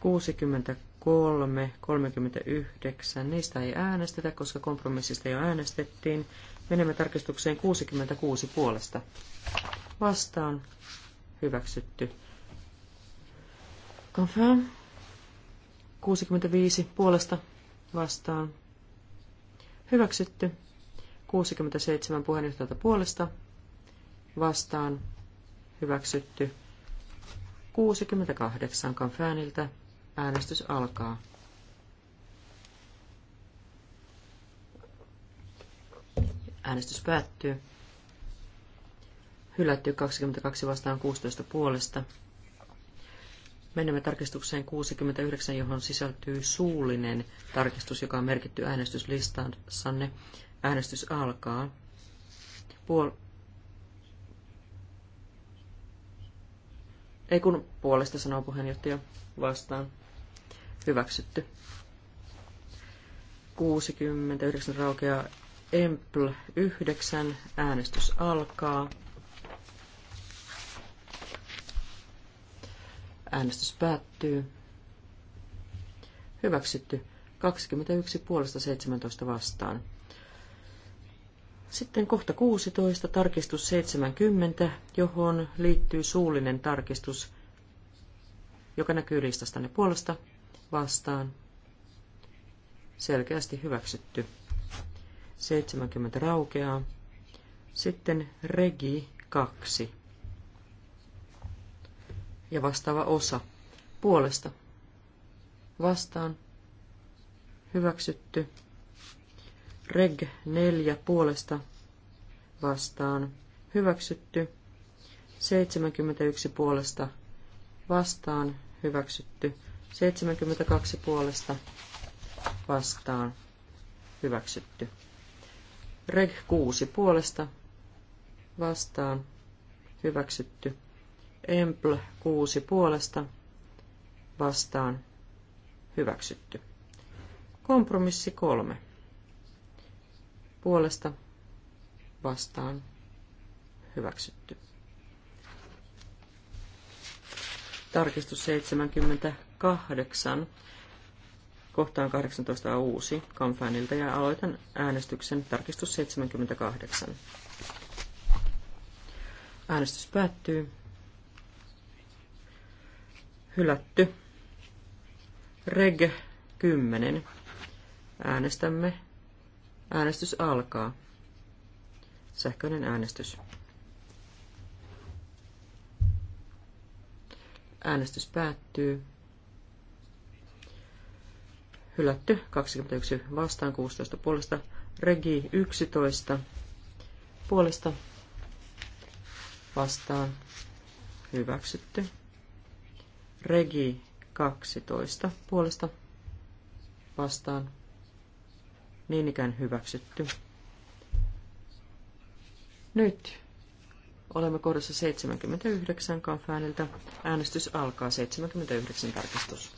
62 3, 39. Niistä ei äänestetä, koska kompromissista jo äänestettiin. Menemme tarkistukseen 66 puolesta. Vastaan. Hyväksytty. Confirm. 65 puolesta. Vastaan. Hyväksytty. 67 puheenjohtajalta puolesta. Vastaan. Hyväksytty. 68 Kanfääniltä Äänestys alkaa. Äänestys päättyy. Hylätty 22 vastaan 16 puolesta. Menemme tarkistukseen 69, johon sisältyy suullinen tarkistus, joka on merkitty äänestyslistaan. Sanne, äänestys alkaa. Puol- Ei kun puolesta sanoo puheenjohtaja vastaan. Hyväksytty. 69 raukeaa Empl 9. Äänestys alkaa. Äänestys päättyy. Hyväksytty. 21 puolesta 17 vastaan. Sitten kohta 16, tarkistus 70, johon liittyy suullinen tarkistus, joka näkyy listastanne puolesta vastaan. Selkeästi hyväksytty. 70 raukeaa. Sitten regi 2. Ja vastaava osa. Puolesta. Vastaan. Hyväksytty. Reg 4 puolesta vastaan hyväksytty. 71 puolesta vastaan hyväksytty. 72 puolesta vastaan hyväksytty. Reg 6 puolesta vastaan hyväksytty. Empl 6 puolesta vastaan hyväksytty. Kompromissi 3 puolesta vastaan hyväksytty. Tarkistus 78. Kohtaan 18 uusi Kamfanilta ja aloitan äänestyksen. Tarkistus 78. Äänestys päättyy. Hylätty. Reg 10. Äänestämme Äänestys alkaa. Sähköinen äänestys. Äänestys päättyy. Hylätty 21 vastaan 16 puolesta. Regi 11 puolesta vastaan hyväksytty. Regi 12 puolesta vastaan niin ikään hyväksytty. Nyt olemme kohdassa 79 kanfääniltä. Äänestys alkaa 79 tarkistus.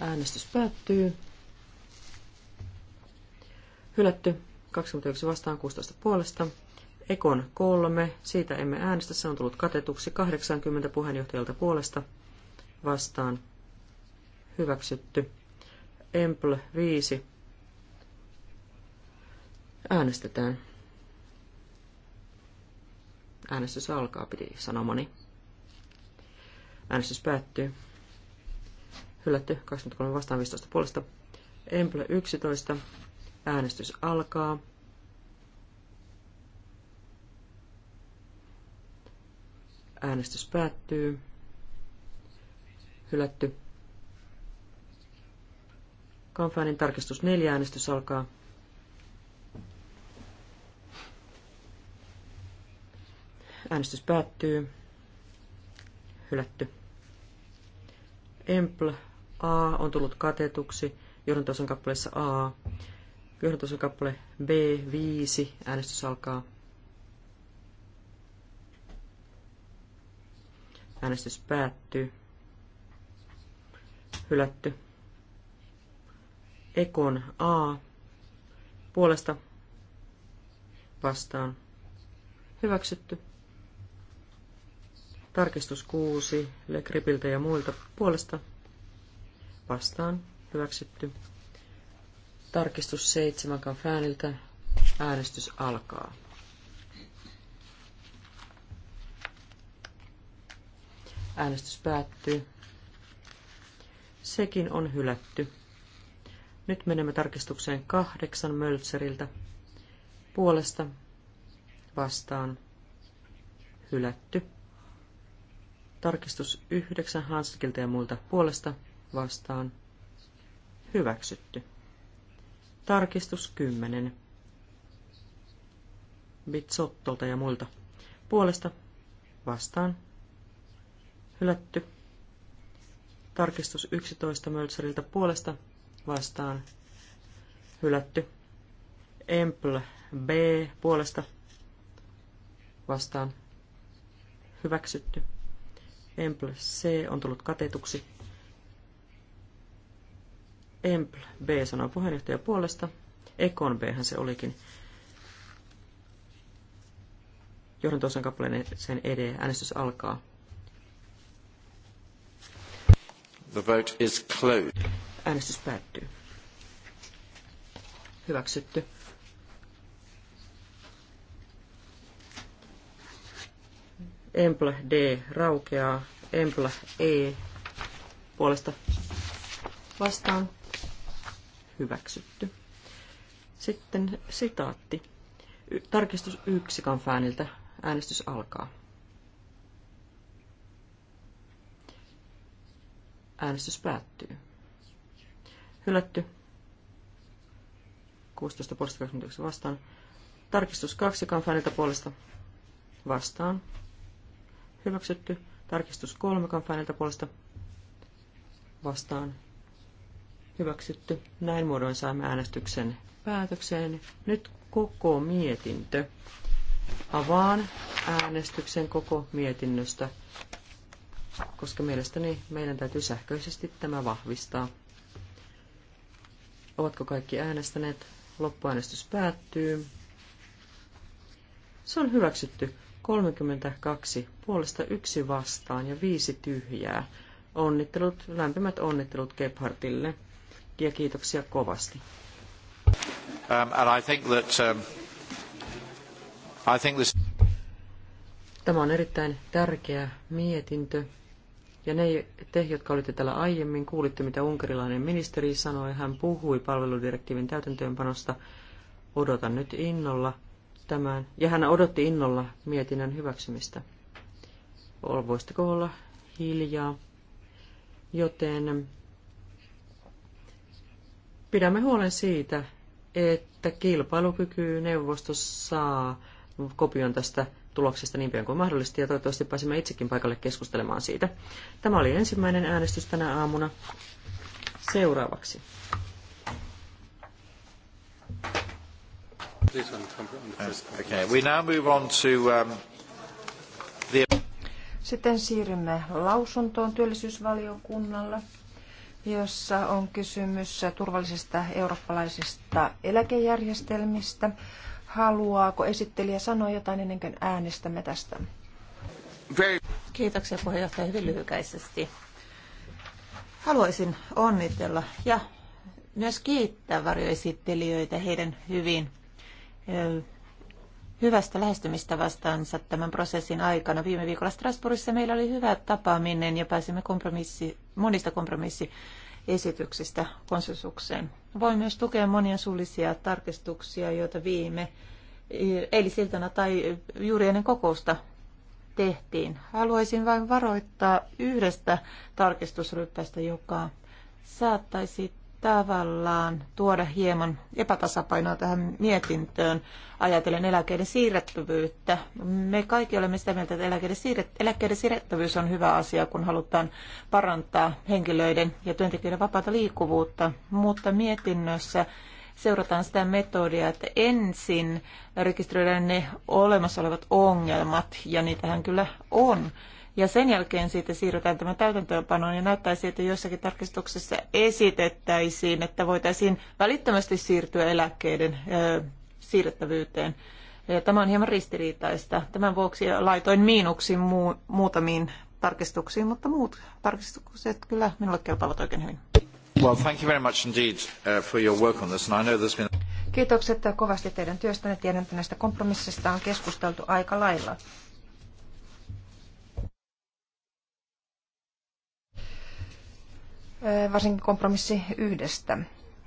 Äänestys päättyy. Hylätty 21 vastaan 16 puolesta. Ekon kolme, siitä emme äänestä, se on tullut katetuksi 80 puheenjohtajalta puolesta vastaan hyväksytty. Empl 5. Äänestetään. Äänestys alkaa, piti sanomani. Äänestys päättyy. Hylätty 23 vastaan 15 puolesta. Emple 11. Äänestys alkaa. Äänestys päättyy. Hylätty Kanfäänin tarkistus neljä äänestys alkaa. Äänestys päättyy. Hylätty. Empl A on tullut katetuksi. Johdantosan kappaleessa A. Johdantosan kappale B5. Äänestys alkaa. Äänestys päättyy. Hylätty. Ekon A puolesta vastaan. Hyväksytty. Tarkistus 6 Lekripiltä ja muilta puolesta vastaan. Hyväksytty. Tarkistus 7 Kanfääniltä. Äänestys alkaa. Äänestys päättyy. Sekin on hylätty. Nyt menemme tarkistukseen kahdeksan Möltseriltä. Puolesta vastaan hylätty. Tarkistus yhdeksän Hanskilta ja muilta puolesta vastaan hyväksytty. Tarkistus kymmenen Bitsottolta ja muilta puolesta vastaan hylätty. Tarkistus 11 Möltseriltä puolesta vastaan hylätty. Empl B puolesta vastaan hyväksytty. Empl C on tullut katetuksi. Empl B sanoo puheenjohtaja puolesta. Ekon B hän se olikin. Johdon tuossa kappaleen sen ed. Äänestys alkaa. The vote is closed. Äänestys päättyy. Hyväksytty. Empla D raukeaa. Empla E puolesta vastaan. Hyväksytty. Sitten sitaatti. Tarkistus yksikan fääniltä. Äänestys alkaa. Äänestys päättyy. Hylätty. 16 puolesta 29 vastaan. Tarkistus 2 kampanilta puolesta vastaan. Hyväksytty. Tarkistus 3 kampanilta puolesta vastaan. Hyväksytty. Näin muodoin saamme äänestyksen päätökseen. Nyt koko mietintö. Avaan äänestyksen koko mietinnöstä, koska mielestäni meidän täytyy sähköisesti tämä vahvistaa. Ovatko kaikki äänestäneet? Loppuäänestys päättyy. Se on hyväksytty 32 puolesta yksi vastaan ja viisi tyhjää. Onnittelut, lämpimät onnittelut Gebhardille ja kiitoksia kovasti. Um, and I think that, um, I think this... Tämä on erittäin tärkeä mietintö. Ja ne, te, jotka olitte täällä aiemmin, kuulitte, mitä unkarilainen ministeri sanoi. Hän puhui palveludirektiivin täytäntöönpanosta. Odotan nyt innolla tämän. Ja hän odotti innolla mietinnän hyväksymistä. Voisitteko olla hiljaa? Joten pidämme huolen siitä, että kilpailukyky neuvosto saa kopion tästä tuloksesta niin pian kuin mahdollista ja toivottavasti pääsemme itsekin paikalle keskustelemaan siitä. Tämä oli ensimmäinen äänestys tänä aamuna. Seuraavaksi. Um, Sitten siirrymme lausuntoon työllisyysvaliokunnalla, jossa on kysymys turvallisista eurooppalaisista eläkejärjestelmistä. Haluaako esittelijä sanoa jotain ennen kuin äänestämme tästä? Kiitoksia puheenjohtaja hyvin lyhykäisesti. Haluaisin onnitella ja myös kiittää varjoesittelijöitä heidän hyvin hyvästä vastaansa tämän prosessin aikana. Viime viikolla Strasbourgissa meillä oli hyvä tapaaminen ja pääsimme kompromissi, monista kompromissi esityksistä konsensukseen. Voi myös tukea monia suullisia tarkistuksia, joita viime eilisiltana tai juuri ennen kokousta tehtiin. Haluaisin vain varoittaa yhdestä tarkistusryppästä, joka saattaisi tavallaan tuoda hieman epätasapainoa tähän mietintöön ajatellen eläkkeiden siirrettävyyttä. Me kaikki olemme sitä mieltä, että eläkkeiden, siirret, eläkkeiden siirrettävyys on hyvä asia, kun halutaan parantaa henkilöiden ja työntekijöiden vapaata liikkuvuutta, mutta mietinnössä seurataan sitä metodia, että ensin rekisteröidään ne olemassa olevat ongelmat, ja niitähän kyllä on ja sen jälkeen siitä siirrytään tämän täytäntöönpanoon ja näyttäisi, että jossakin tarkistuksessa esitettäisiin, että voitaisiin välittömästi siirtyä eläkkeiden ö, siirrettävyyteen. Ja tämä on hieman ristiriitaista. Tämän vuoksi laitoin miinuksiin muu, muutamiin tarkistuksiin, mutta muut tarkistukset kyllä minulle kelpaavat oikein hyvin. Well, thank you very much indeed uh, for your work on this. And I know there's been... Kiitokset kovasti teidän työstänne. Tiedän, että näistä kompromissista on keskusteltu aika lailla. varsinkin kompromissi yhdestä.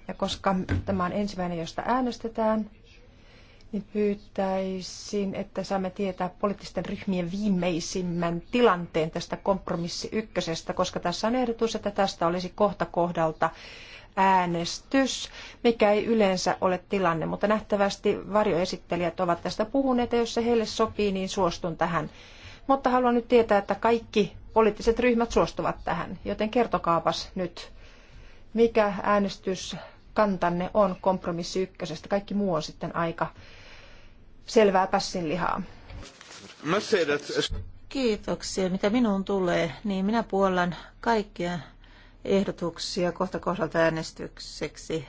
Ja koska tämä on ensimmäinen, josta äänestetään, niin pyytäisin, että saamme tietää poliittisten ryhmien viimeisimmän tilanteen tästä kompromissi ykkösestä, koska tässä on ehdotus, että tästä olisi kohta kohdalta äänestys, mikä ei yleensä ole tilanne, mutta nähtävästi varjoesittelijät ovat tästä puhuneet, ja jos se heille sopii, niin suostun tähän mutta haluan nyt tietää, että kaikki poliittiset ryhmät suostuvat tähän, joten kertokaapas nyt, mikä äänestyskantanne kantanne on kompromissi ykkösestä. Kaikki muu on sitten aika selvää pässinlihaa. Kiitoksia. Mitä minuun tulee, niin minä puollan kaikkia ehdotuksia kohta kohdalta äänestykseksi.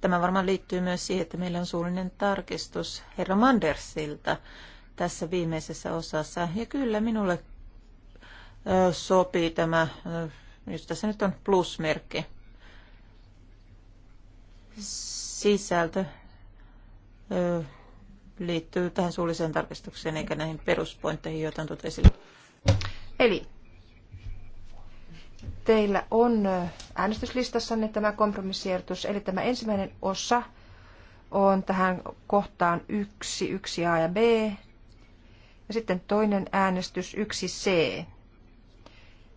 Tämä varmaan liittyy myös siihen, että meillä on suullinen tarkistus herra Mandersilta tässä viimeisessä osassa. Ja kyllä minulle sopii tämä, jos tässä nyt on plusmerkki, sisältö liittyy tähän suulliseen tarkistukseen eikä näihin peruspointteihin, joita on esille. Eli teillä on äänestyslistassanne tämä kompromissiertus, eli tämä ensimmäinen osa on tähän kohtaan 1, 1a ja b, ja sitten toinen äänestys 1C.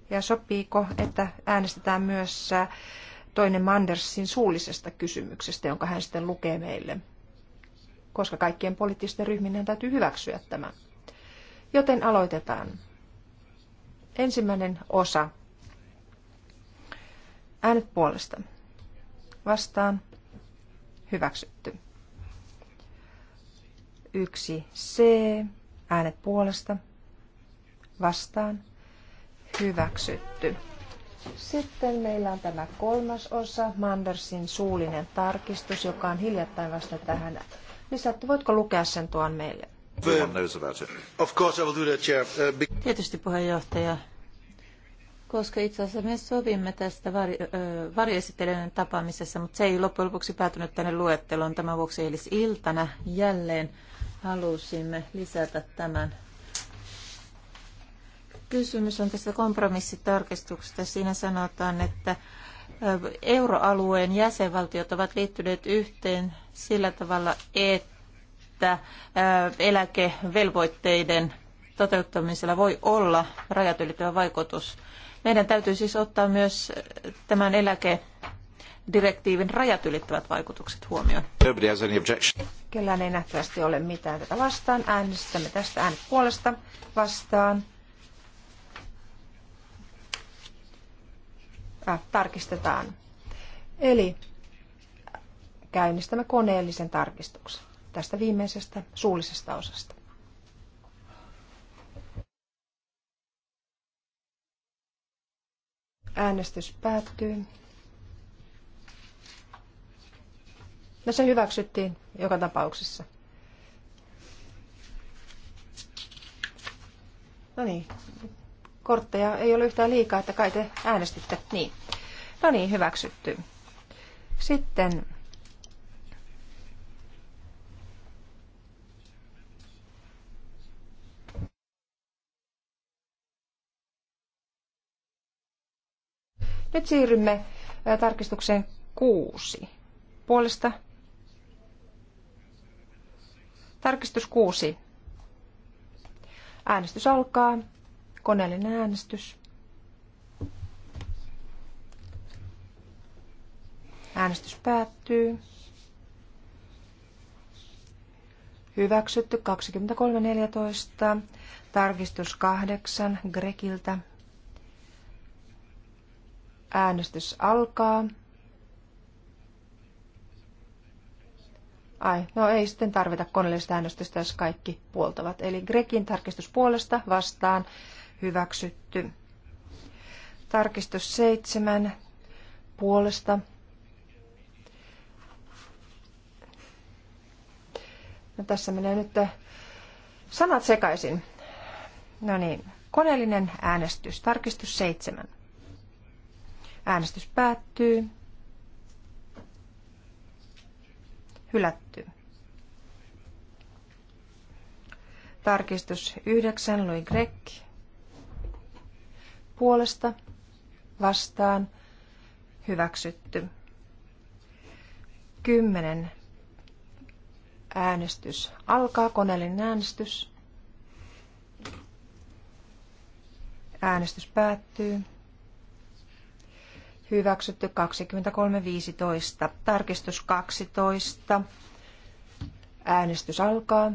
Ja sopiiko, että äänestetään myös äh, toinen Mandersin suullisesta kysymyksestä, jonka hän sitten lukee meille, koska kaikkien poliittisten ryhmien täytyy hyväksyä tämä. Joten aloitetaan. Ensimmäinen osa. Äänet puolesta. Vastaan. Hyväksytty. Yksi C Äänet puolesta. Vastaan. Hyväksytty. Sitten meillä on tämä kolmas osa, Mandersin suullinen tarkistus, joka on hiljattain vasta tähän lisätty. Voitko lukea sen tuon meille? Uh, Tietysti puheenjohtaja. Koska itse asiassa me sovimme tästä vari, varjoesittelijöiden tapaamisessa, mutta se ei loppujen lopuksi päätynyt tänne luetteloon tämän vuoksi eilis iltana jälleen halusimme lisätä tämän. Kysymys on tästä kompromissitarkistuksesta. Siinä sanotaan, että euroalueen jäsenvaltiot ovat liittyneet yhteen sillä tavalla, että eläkevelvoitteiden toteuttamisella voi olla rajat ylittävä vaikutus. Meidän täytyy siis ottaa myös tämän eläke direktiivin rajat ylittävät vaikutukset huomioon. Kellään ei nähtävästi ole mitään tätä vastaan. Äänestämme tästä äänet puolesta vastaan. Äh, tarkistetaan. Eli käynnistämme koneellisen tarkistuksen tästä viimeisestä suullisesta osasta. Äänestys päättyy. No se hyväksyttiin joka tapauksessa. No niin, kortteja ei ole yhtään liikaa, että kai te äänestitte niin. No niin, hyväksytty. Sitten Nyt siirrymme tarkistukseen kuusi. Puolesta Tarkistus 6. Äänestys alkaa. Koneellinen äänestys. Äänestys päättyy. Hyväksytty 23.14. Tarkistus 8 Grekiltä. Äänestys alkaa. Ai, no ei sitten tarvita koneellista äänestystä, jos kaikki puoltavat. Eli Grekin tarkistus puolesta vastaan hyväksytty. Tarkistus seitsemän puolesta. No tässä menee nyt äh, sanat sekaisin. No niin, koneellinen äänestys, tarkistus seitsemän. Äänestys päättyy. hylättyä. Tarkistus 9, Louis Grek. Puolesta, vastaan, hyväksytty. 10. Äänestys alkaa, koneellinen äänestys. Äänestys päättyy hyväksytty 23.15. Tarkistus 12. Äänestys alkaa.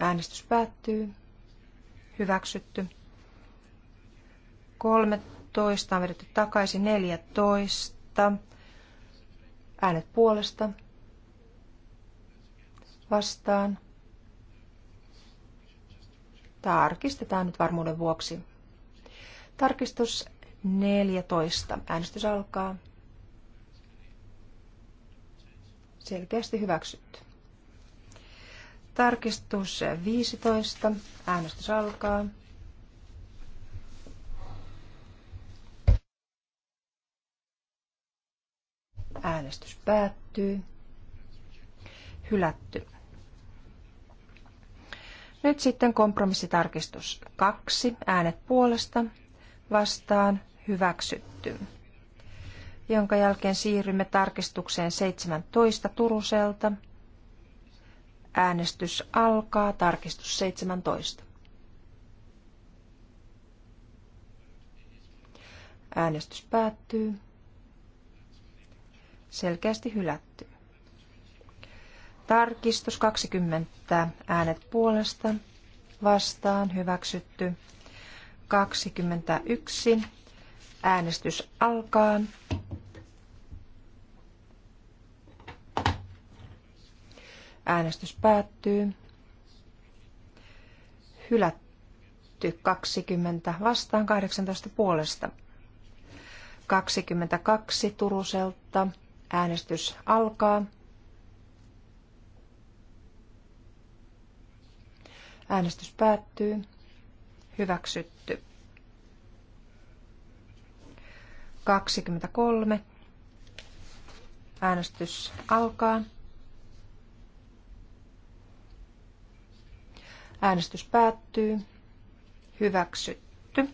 Äänestys päättyy. Hyväksytty. 13 on vedetty takaisin. 14. Äänet puolesta. Vastaan. Tarkistetaan nyt varmuuden vuoksi. Tarkistus 14. Äänestys alkaa. Selkeästi hyväksytty. Tarkistus 15. Äänestys alkaa. Äänestys päättyy. Hylätty. Nyt sitten kompromissitarkistus kaksi Äänet puolesta vastaan hyväksytty. Jonka jälkeen siirrymme tarkistukseen 17 Turuselta. Äänestys alkaa. Tarkistus 17. Äänestys päättyy. Selkeästi hylätty. Tarkistus 20. Äänet puolesta. Vastaan. Hyväksytty. 21. Äänestys alkaa. Äänestys päättyy. Hylätty 20 vastaan 18 puolesta. 22 Turuselta. Äänestys alkaa. Äänestys päättyy. Hyväksytty. 23. Äänestys alkaa. Äänestys päättyy. Hyväksytty.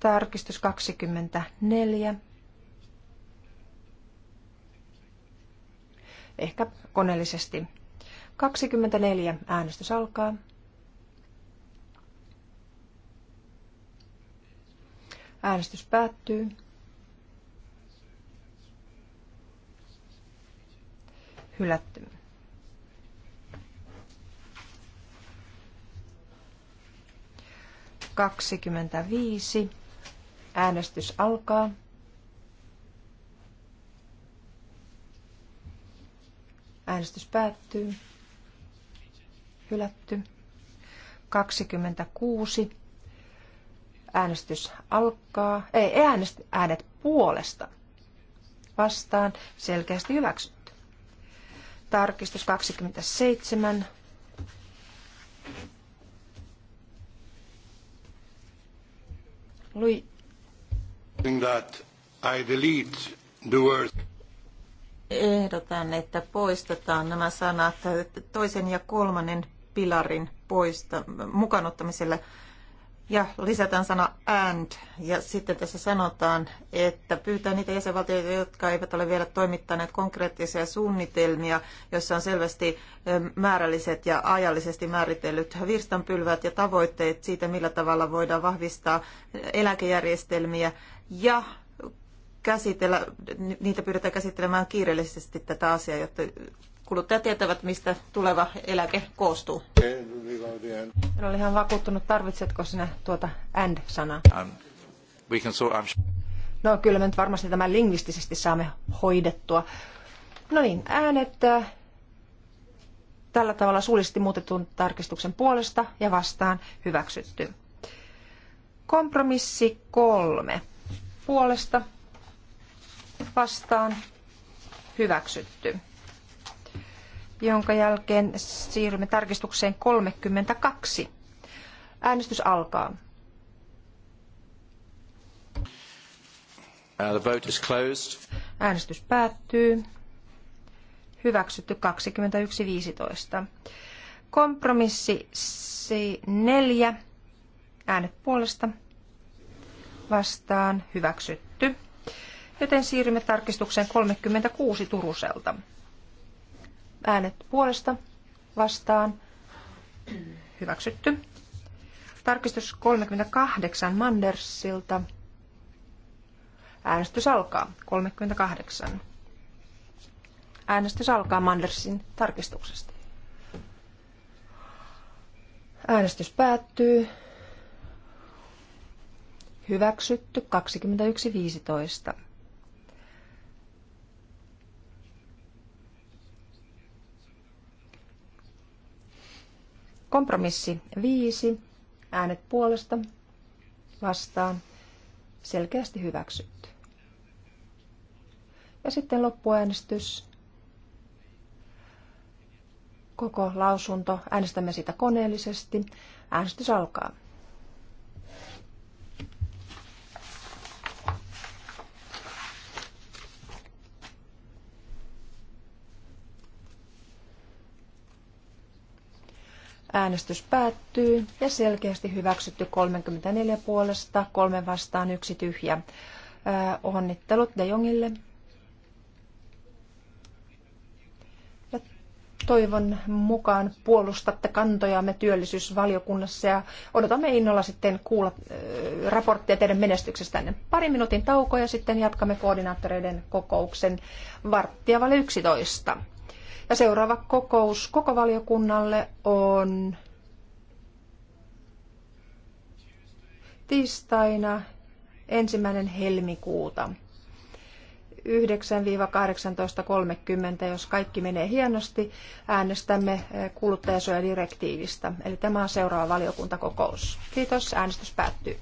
Tarkistus 24. Ehkä koneellisesti 24. Äänestys alkaa. Äänestys päättyy. Hylätty. Kaksikymmentäviisi. Äänestys alkaa. Äänestys päättyy hylätty. 26. Äänestys alkaa. Ei, äänest, äänet puolesta vastaan selkeästi hyväksytty. Tarkistus 27. Lui. That I delete the word. Ehdotan, että poistetaan nämä sanat toisen ja kolmannen pilarin poista, mukanottamiselle ja lisätään sana and, ja sitten tässä sanotaan, että pyytää niitä jäsenvaltioita, jotka eivät ole vielä toimittaneet konkreettisia suunnitelmia, joissa on selvästi määrälliset ja ajallisesti määritellyt virstanpylvät ja tavoitteet siitä, millä tavalla voidaan vahvistaa eläkejärjestelmiä, ja käsitellä, niitä pyydetään käsittelemään kiireellisesti tätä asiaa, jotta kuluttajat tietävät, mistä tuleva eläke koostuu. En ole ihan vakuuttunut, tarvitsetko sinä tuota and-sanaa? Um, no kyllä me nyt varmasti tämän lingvistisesti saamme hoidettua. No niin, äänet äh, tällä tavalla suullisesti muutetun tarkistuksen puolesta ja vastaan hyväksytty. Kompromissi kolme. Puolesta vastaan hyväksytty jonka jälkeen siirrymme tarkistukseen 32. Äänestys alkaa. Uh, the vote is closed. Äänestys päättyy. Hyväksytty 21.15. Kompromissi neljä 4 Äänet puolesta. Vastaan hyväksytty. Joten siirrymme tarkistukseen 36 Turuselta. Äänet puolesta vastaan. Hyväksytty. Tarkistus 38 Mandersilta. Äänestys alkaa. 38. Äänestys alkaa Mandersin tarkistuksesta. Äänestys päättyy. Hyväksytty 21.15. Kompromissi viisi. Äänet puolesta vastaan. Selkeästi hyväksytty. Ja sitten loppuäänestys. Koko lausunto. Äänestämme sitä koneellisesti. Äänestys alkaa. Äänestys päättyy ja selkeästi hyväksytty 34 puolesta, kolme vastaan, yksi tyhjä. Onnittelut De Jongille. Ja toivon mukaan puolustatte kantojamme työllisyysvaliokunnassa ja odotamme innolla sitten kuulla raporttia teidän menestyksestänne. Pari minuutin tauko ja sitten jatkamme koordinaattoreiden kokouksen varttia vale 11. Ja seuraava kokous koko valiokunnalle on tiistaina ensimmäinen helmikuuta 9-18.30, jos kaikki menee hienosti, äänestämme eh, kuluttajasuojadirektiivistä. Eli tämä on seuraava valiokuntakokous. Kiitos, äänestys päättyy.